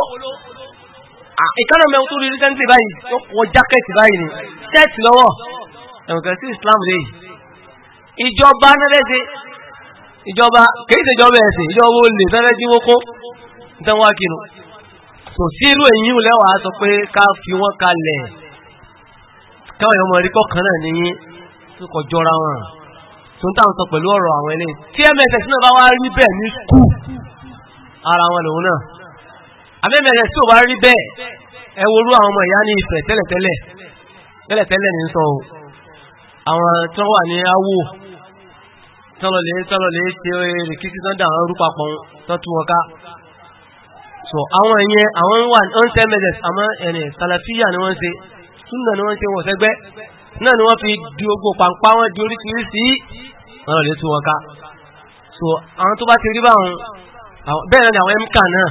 ìkánà mẹ́wọ́n tó rí rẹ́sẹ́ntì báyìí tó wọ jákẹ́tì báyìí ni ṣẹ́ẹ̀tì lọ́wọ́ ẹ̀wọ̀n sí Islam rẹ̀ ìjọba nẹ́rẹ́sẹ̀ ìjọba kìí ṣe ìjọba ẹ̀sìn ìjọba olè fẹ́rẹ́ jí wókó ìtẹ́wọ́n akínú kò sí irú èyí lẹ́wàá sọ káwọn èèyàn mọ̀ rí kọ́kàn náà ní kò jọra wọn tó ń tàn sọ pẹ̀lú ọ̀rọ̀ àwọn ilé tí mss náà bá wá rí bẹ́ẹ̀ ní skul ara wọn lòun náà àbẹ́ mss tó bá rí bẹ́ẹ̀ ẹ worú àwọn ọmọ ìyá ní ìfẹ́ tẹ́lẹ̀tẹ́lẹ̀ tẹ́lẹ̀tẹ́lẹ̀ ní sọ àwọn tó wà ní awo tọ́lọ̀lẹ̀ tọ́lọ̀lẹ̀ ṣe rìkítí tán dà wọn rúpapọ̀ tán tún wọn ká so àwọn ìyẹn àwọn wà ń tẹ́ mss àmọ́ ẹ̀rìn ni wọ́n súnà ni wọ́n ṣe wọ̀ sẹ́gbẹ́ náà ni wọ́n fi di ogbò pàǹpá wọn di oríṣiríṣi wọn lè tún wọn ká so àwọn tó bá ti rí báwọn bẹ́ẹ̀ ni àwọn mk náà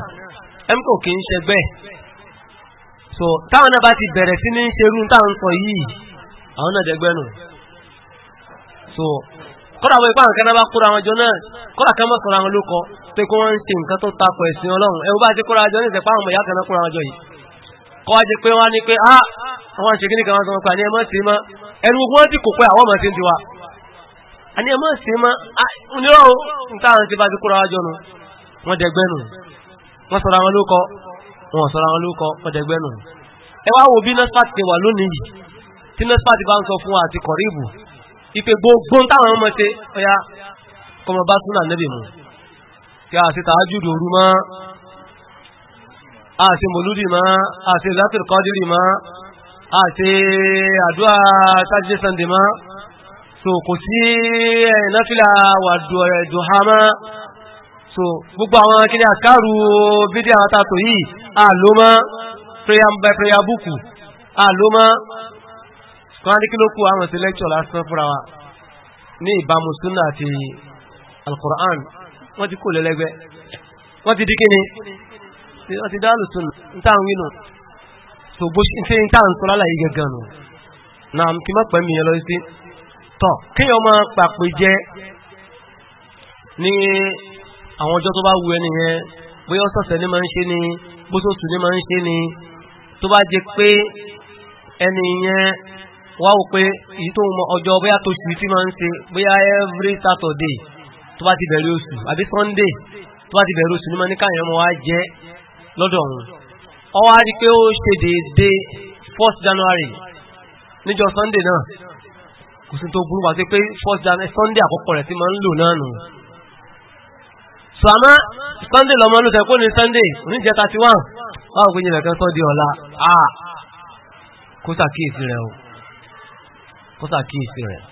mk kì í ṣẹgbẹ́ so táwọn náà bá ti bẹ̀rẹ̀ sí ní ṣerú táwọn sọ yìí àwọn náà dẹgbẹ́ nù so kọ́dà wọ́n ipá àwọn kẹ́nà bá kóra wọn jọ náà kọ́dà kẹ́ mọ́ sọ̀rọ̀ àwọn olókọ pé kí wọ́n ń ṣe nǹkan tó takọ̀ ẹ̀sìn ọlọ́run ẹ̀wọ́n bá ti kóra jọ ní ìṣẹ̀pá àwọn ọmọ ìyá kẹ́nà kóra wọn jọ yìí kọ́ wá jẹ pé wọ́n á ní pé ah, àwọn ṣe kan wọn pa ní sí ti kò pẹ́ àwọn a sí bá ti wọ́n dẹgbẹ́ wọ́n sọ̀rọ̀ wọ́n sọ̀rọ̀ àwọn lóko wọ́n ẹ wá wo bí NASFAT ti wà lónìí tí NASFAT bá ń sọ fún wa àti kọ̀ríbù ipe gbogbo táwọn ọmọ ṣe ọya kọmọ bá súnà nẹ́bì mú kí a ṣe tàájúdò orú mọ́ a mọ̀lúdì mọ́ a àti àdúrà Saturday Sunday mọ́ so kò sí náfílà wà dùhà mọ́ so gbogbo àwọn kí ní àkárù bídí àwọn tàtò yìí àlò mọ́ prayer by prayer book àlò mọ́ kọ́nàdíkílókù àwọn sí lecture lásán fúnra wa ní ìbámu súnà àti al wọ́n ti kò lẹ́lẹ́gbẹ́ wọ́n ti dí kíni wọ́n ti dá lùsùn ní táwọn so bó ṣe ń tàn sọ lálàyé gẹ̀gàn nù náà kí má pẹ̀mí yẹn lọ sí tọ̀ kéèyàn máa pàpè jẹ ní àwọn ọjọ́ tó bá wu ẹni yẹn bóyá ọ̀sọ̀ọ̀sẹ̀ ni máa ń ṣe ni bóṣooṣù ni máa ń ṣe ni tó bá jẹ pé ẹni yẹn wá wò pé èyí tó mọ ọjọ́ bóyá tó ṣù tí máa ń ṣe bóyá every Saturday tó bá ti bẹ̀rẹ̀ oṣù àbí Sunday tó bá ti bẹ̀rẹ̀ oṣù ni máa ní káyọ̀ ọmọ wa jẹ́ lọ́dọ̀ ọ̀hún ọwọ́ á rí pé ó ṣe déédé 1st January níjọ Sunday náà kò sí tó burú wá sí pé 1st January eh, Sunday àkọ́kọ́ rẹ̀ sí máa ń lò náà nù sọ̀mọ́ Sunday lọ́mọ ló tẹ̀kọ́ ní Sunday oníjẹ́ 31 báwọn gbé yìnbọn kan sọ́ di ọ̀la ah kó sàkíyèsí rẹ̀ o kó sàkíyèsí rẹ̀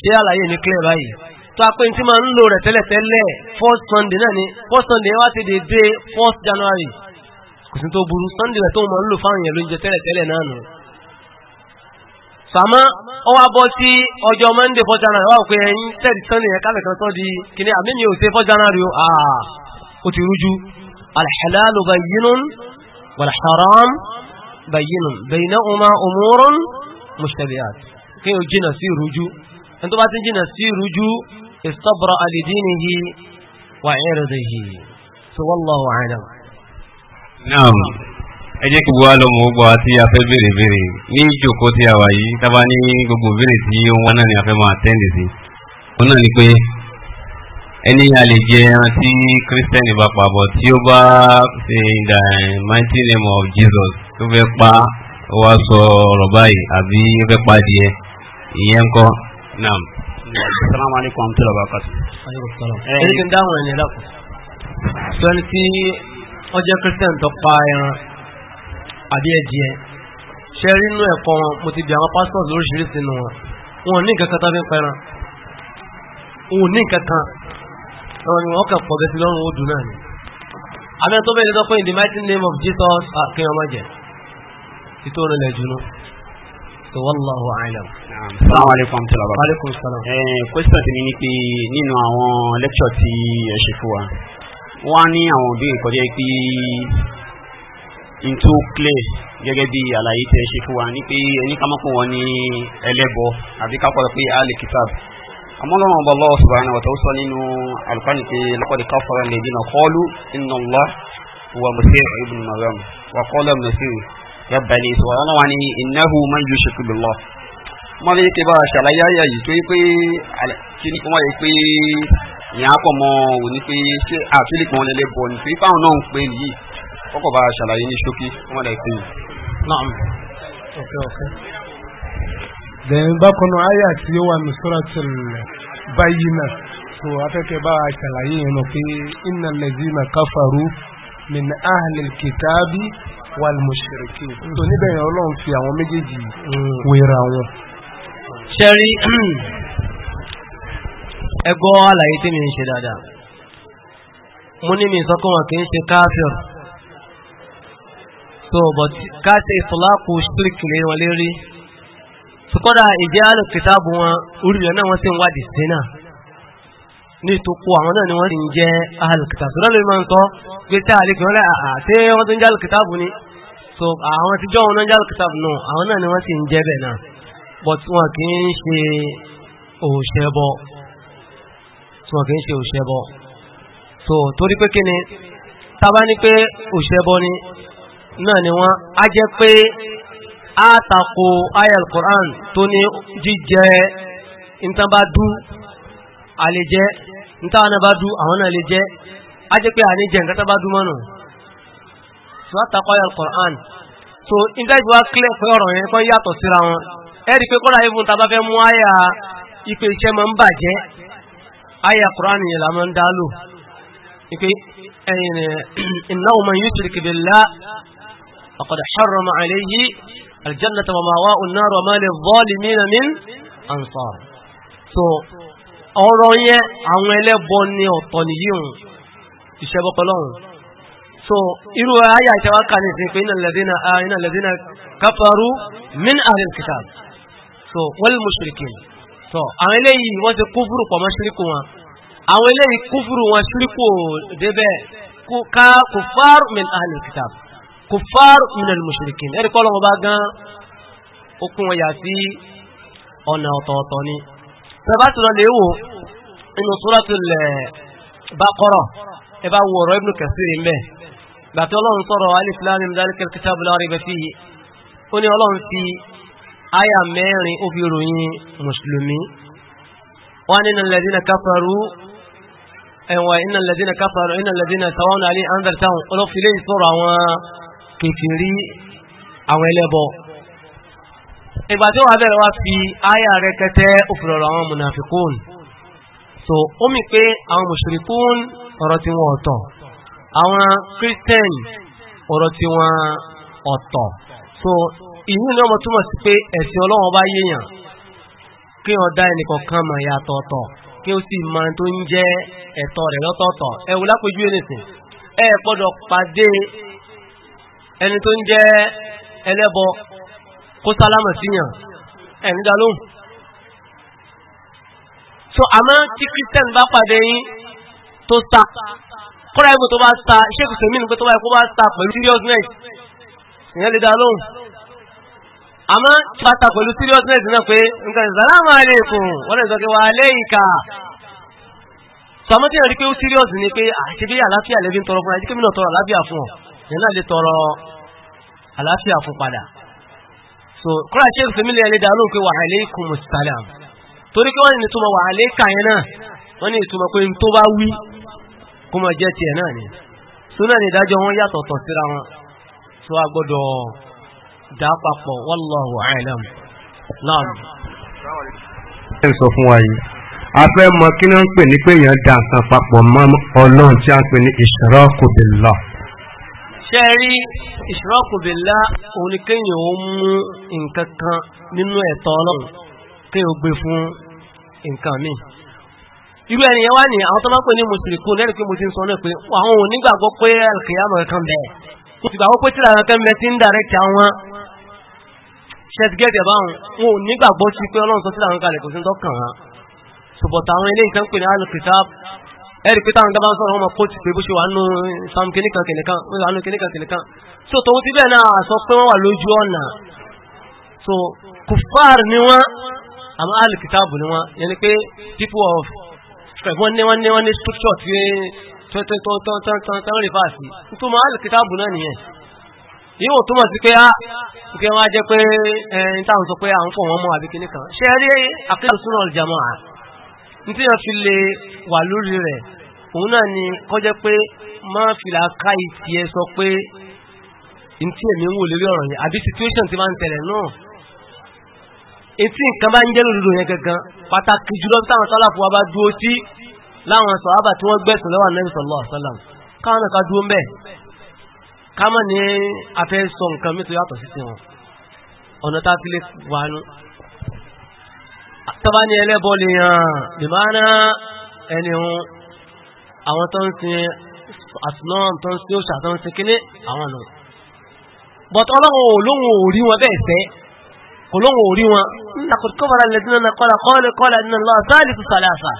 ṣé àlàyé ní clear báyìí tó a pé tí máa ń lò rẹ̀ tẹ́lẹ̀tẹ́lẹ̀ 1st Sunday náà ni 1st Sunday wá ti dé 1st January kò sí tó burú sunday rẹ̀ tó mọ̀ ń lò fáwọn èèyàn ló ń jẹ tẹ́lẹ̀tẹ́lẹ̀ náà nù sàmọ́ ọ wá bọ́ sí ọjọ́ monday four january wà pé ẹ̀yin tẹ̀lé sunday yẹn kálẹ̀ kan sọ́ di kíní àmì mi ò ṣe four january o ó ti rújú alḥàlálù bayyinun wàlḥàrám bayyinun baynahuma umurun mushtabihat kí o jìnà sí rújú ẹni tó bá ti jìnà sí rújú istabra alidinihi wa irdihi so wallahu a'lam. naam ẹ jẹ́ kí wàá lọ́mọ gbọ́ àti afẹ́ béèrè béèrè ní ìjókòó tí a gbogbo béèrè tí wọn náà ní afẹ́ máa tẹ́ǹdì sí wọn náà ni pé ẹni a lè jẹ ẹran tí kírísítẹ́nì bá pa bọ̀ tí ó bá ṣe of Jesus tó fẹ́ pa ó wá sọ ọ̀rọ̀ báyìí àbí ó fẹ́ pa adìẹ ìyẹn naam. Eh, ẹ ẹ wọ́n jẹ́ christian tó pa ẹran àbí ẹ̀dìẹ ṣe rí inú ẹ̀kọ́ wọn mo ti bí àwọn pastors lóríṣiríṣi nù wọn wọn ò ní nǹkan kan tó fi ń pẹran wọn ò ní nǹkan kan ẹ̀rọ ni wọ́n kàn pọ̀ bẹ́sí lọ́rùn ó dùn náà ni àmẹ́ tó bẹ́ẹ̀ lọ́pọ̀ in the mighty name of Jesus kí ọmọ jẹ tító rẹ̀ lẹ̀ jùlọ so wallahu a'lam. assalamu alaikum tí lọ́wọ́. wa alaikum salam. Eh, question ti ni ni pé nínú àwọn lecture tí ẹ ṣe fún wa wọ́n á ní àwọn òbí ìkọjẹ́ pé n tó clear gẹ́gẹ́ bí àlàyé tẹ́ ṣe fún wa ní pé ẹni ká mọ́pọ̀ wọn ní ẹlẹ́bọ àbí ká kọ́ pé a kìtàbù àmọ́ bọ́ lọ́wọ́ subhanahu wa ta'ala sọ nínú alukani pé laqad kafara alladhina qalu inna Allah huwa Masih ibn Maryam wa qala Masih rabbani sọ wọn wà ní innahu man yushrik billah mọ́lẹ́ kí bá a ṣàlàyé ayé yìí tó yẹ yẹ pé ìyẹn akọ mọ òní pé ṣé àfílì kan lẹlẹ bọ ní pé fáwọn náà ń pè nìyí kọkọ bá ṣàlàyé ní ṣókí wọn lè pè é. naam ok ok. then bákan náà ayé àti yóò wà ní suratul bayina so afẹ́kẹ́ bá ṣàlàyé yẹn lọ pé innal lazina kafaru min ahlil kitabi wal mushrikin. so níbẹ̀ yẹn ọlọ́run fi àwọn méjèèjì mm. wéra wọn. ṣẹ́rí ẹgbọ́ àlàyé tí mi ń ṣe dáadáa mo ní mi sọ́kàn wọn kì í ṣe káfíọ̀ so but káṣe ìtọ́láàkù ṣíríkì lé wọn lérí sọkọ́dà ìjẹ́ alùkìtàbù wọn orí rẹ̀ náà wọ́n sì ń wádìí sí náà ní ìtòkù àwọn náà ni wọ́n sì ń jẹ́ alùkìtàbù sọ́dọ̀ lórí máa ń sọ pé tí àlejò wọn lẹ́ àti wọ́n tó ń jẹ́ alùkìtàbù ni so àwọn tíjọ́ wọn náà ń jẹ́ alùkìtàbù náà àwọn náà ni wọ́n sì ń jẹ́ bẹ̀ náà but wọn kì í ṣe òṣèbọ̀ tí wọ́n kì í ṣe òṣèbọ so torí pé kí ni tàbá ní pé òṣèbọ ni náà ni wọ́n á jẹ́ pé á tako ayal Qur'an tó ní jíjẹ ìtàbádú àlejẹ́ ìtàbádú àwọn náà lè jẹ́ á jẹ́ pé àníjẹ ìtàbádú mọ́nà tí wọ́n tako ayal Qur'an so ìdájú wa kílẹ̀ pé ọ̀rọ̀ yẹn kan yàtọ̀ síra wọn ẹ̀rí pé kọ́lá ibùn tàbá fẹ́ mú àyà ipe iṣẹ́ mọ́ ń bàjẹ́ aya Qur'an yẹn la máa ń dálò ipe innahu man yushrik billah faqad harrama alayhi aljannata wa ma'wahu an-nar wa ma lil-zalimina min ansar. so ọ̀rọ̀ yẹn àwọn ẹlẹ́bọ ní ọ̀tọ̀ nìyí hùn ìṣẹ́bọ pẹ̀lọ́hùn so irú ayà ìtawà kà ní ìsìnkú innal ladhina innal ladhina kafaru min ahlil kitab so wal mushrikin sọ àwọn eléyìí wọ́n ti kúfúrù pọ̀ mọ́ ṣíríkù wọn àwọn eléyìí kúfúrù wọn ṣíríkù débẹ̀ ká kufar min ahli kitab kufar min al-mushrikin ẹ̀rí kọ́ lọ́wọ́ bá gan okun wọn yà sí ọ̀nà ọ̀tọ̀ọ̀tọ̀ ni sẹ́bátìlọ lè wò inú suratul eh, Baqara ẹ bá wọ̀rọ̀ Ibn Kathir ń bẹ̀ gbàtí ọlọ́run sọ̀rọ̀ alif aya mẹ́rin ó fi ròyìn mùsùlùmí wọ́n nínú lẹ́dínà káfàrú ẹ̀wà iná lẹ́dínà káfàrú iná lẹ́dínà tàwọn alẹ́ andartown olófilé ìsọ́rọ̀ àwọn kèfèrí àwọn ẹlẹ́bọ ìgbà tí wọ́n bẹ̀rẹ̀ wá so ó mì pé àwọn mushrikun ọ̀rọ̀ tí wọ́n ọ̀tọ̀ àwọn so ìyún ní ọmọ túmọ̀ sí pé ẹ̀sìn ọlọ́wọ́n bá yéèyàn kí wọ́n dá ẹnìkan kan mọ̀ ya tọ̀ọ̀tọ̀ kí ó sì mọ tó ń jẹ́ ẹ̀tọ́ rẹ̀ lọ́tọ̀ọ̀tọ̀ ẹ wò lápẹjú ẹnìsìn ẹ gbọ́dọ̀ pàdé ẹni tó ń jẹ́ ẹlẹ́bọ kó sálámà síyàn ẹni dá lóhùn so àmọ́ tí christian bá pàdé yín tó sa kọ́ra ẹgbẹ́ tó bá sa ṣé kò sẹ́mi nígbẹ́ tó bá yẹ kó bá sa pẹ̀lú seriousness ìyẹn lè dá lóhùn ama pátá pẹ̀lú seriousness náà pé nǹkan nke alaykum wọ́n lè sọ pé wà á lẹ́yìn ká sọmọ́tí ẹ̀rí pé ó serious ni pé àṣebí ah, àlàáfíà lẹ́bí ń tọrọ fún ẹ jíkẹ́ tọrọ fún ọ yẹn lè tọrọ àlàáfíà fún so kọ́lá ṣe é fèmílẹ̀ ẹni wa alaykumus salam torí kí wọ́n ní ìtumọ̀ wà á lè na yẹn náà wọ́n ní ìtumọ̀ pé tó bá wí kó mọ̀ jẹ́ tiẹ̀ náà ni so so dá papọ̀ wallahu náà. fún wa ń pè ní pé èèyàn papọ̀ mọ́ ọlọ́run tí a ń pè ní ṣé rí mú nǹkan kan nínú ẹ̀tọ́ ọlọ́run kí ó gbé fún nǹkan irú ẹni yẹn wá àwọn tó pè ní pé mo ń sọ náà pé àwọn ò nígbàgbọ́ pé kan ṣẹ́tìgẹ́tì ẹ̀báhùn wọn ò nígbàgbọ́ ti pé ọlọ́run sọ sílẹ̀ àwọn kalẹ̀ kò sí tọ́kàn wọn ṣùgbọ́ta àwọn ilé ìtàn pè ní alùpùpù ẹ̀rì pé táwọn dábàá sọ̀rọ̀ wọn kó ti pé bó ṣe wà nù sam kìnìkan kìnìkan wọn wà nù kìnìkan kìnìkan so tòun ti bẹ́ẹ̀ náà sọ pé wọ́n wà lójú ọ̀nà so kùfàr ni wọ́n àmọ́ alùpùpù ni wọ́n yẹn ni pé people of wọ́n ní wọ́n ní wọ́n ní structure tí wọ́n rí fáàsì nítorí alùpùpù náà nìyẹn yíò túnmọ̀ sí pé á ah, ìpé wọ́n á jẹ́ pé ẹni táwọn sọ pé àwọn fọ̀wọ́n mọ́ àbíkí nìkan ṣe rí àkíyàsúnà ìjàmọ́ à ní tí wọ́n fi lè wà lórí rẹ̀ òun náà ni kọjẹ́ pé má fìlà ká ìtì ẹ sọ pé ní tí èmi ń wò lórí ọ̀rọ̀ yẹn àbí situation ti máa ń tẹ̀lẹ̀ náà etí nǹkan bá ń jẹ́ lòdòdò yẹn gangan pàtàkì jùlọ táwọn sálàfù wa bá dúró sí láwọn sọ̀rọ̀ àbà tí wọ́n gbẹ̀sùn lọ́wọ́ ká mọ̀ ní afẹ́ sọ nǹkan mi tó yàtọ̀ sí ti wọn ọ̀nà tá a ti lè wà nù. tọ́ba ní ẹlẹ́bọ lè yàn bìmánà ẹni hun àwọn tó ń sin àtúná tó ń sin òṣà tó ń sin kínní àwọn nù. bọ̀tọ̀ ọlọ́run ò lóun ò rí wọn bẹ́ẹ̀ fẹ́ kò lóun ò rí wọn. nàkùtù kọ́bàrà lẹ́dínà náà kọ́lá kọ́lé kọ́lá nínú lọ́wọ́ sáàlì tó sàlẹ̀ àṣà.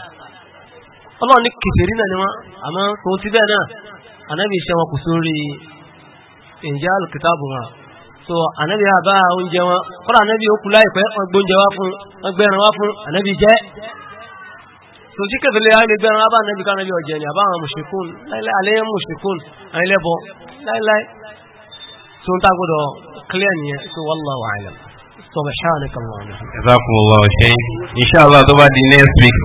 ọlọ́run ní kìtìrí náà ni wọn àmọ́ tó ti bẹ́ẹ̀ náà ànábì iṣẹ́ wọn kò sórí ìjà kìtàbù wọn so anabi àbá oúnjẹ wọn kọ́ra anabi ó kú láìpẹ́ ọgbóúnjẹ wá fún ọgbẹ́ran wá fún anabi jẹ́ so tí kẹfẹ́lẹ́ á lè gbẹ́ran wá bá anabi ká anabi ọ̀jẹ̀ ni àbá àwọn mùsùlùkún láìláì àlẹ́yẹ mùsùlùkún àìlẹ́bọ láìláì so ń tàgbọ́dọ̀ clear nìyẹn so wallahu a'lam subhanaka Allahumma. jazakumullahu khairan inshallah tó bá di next week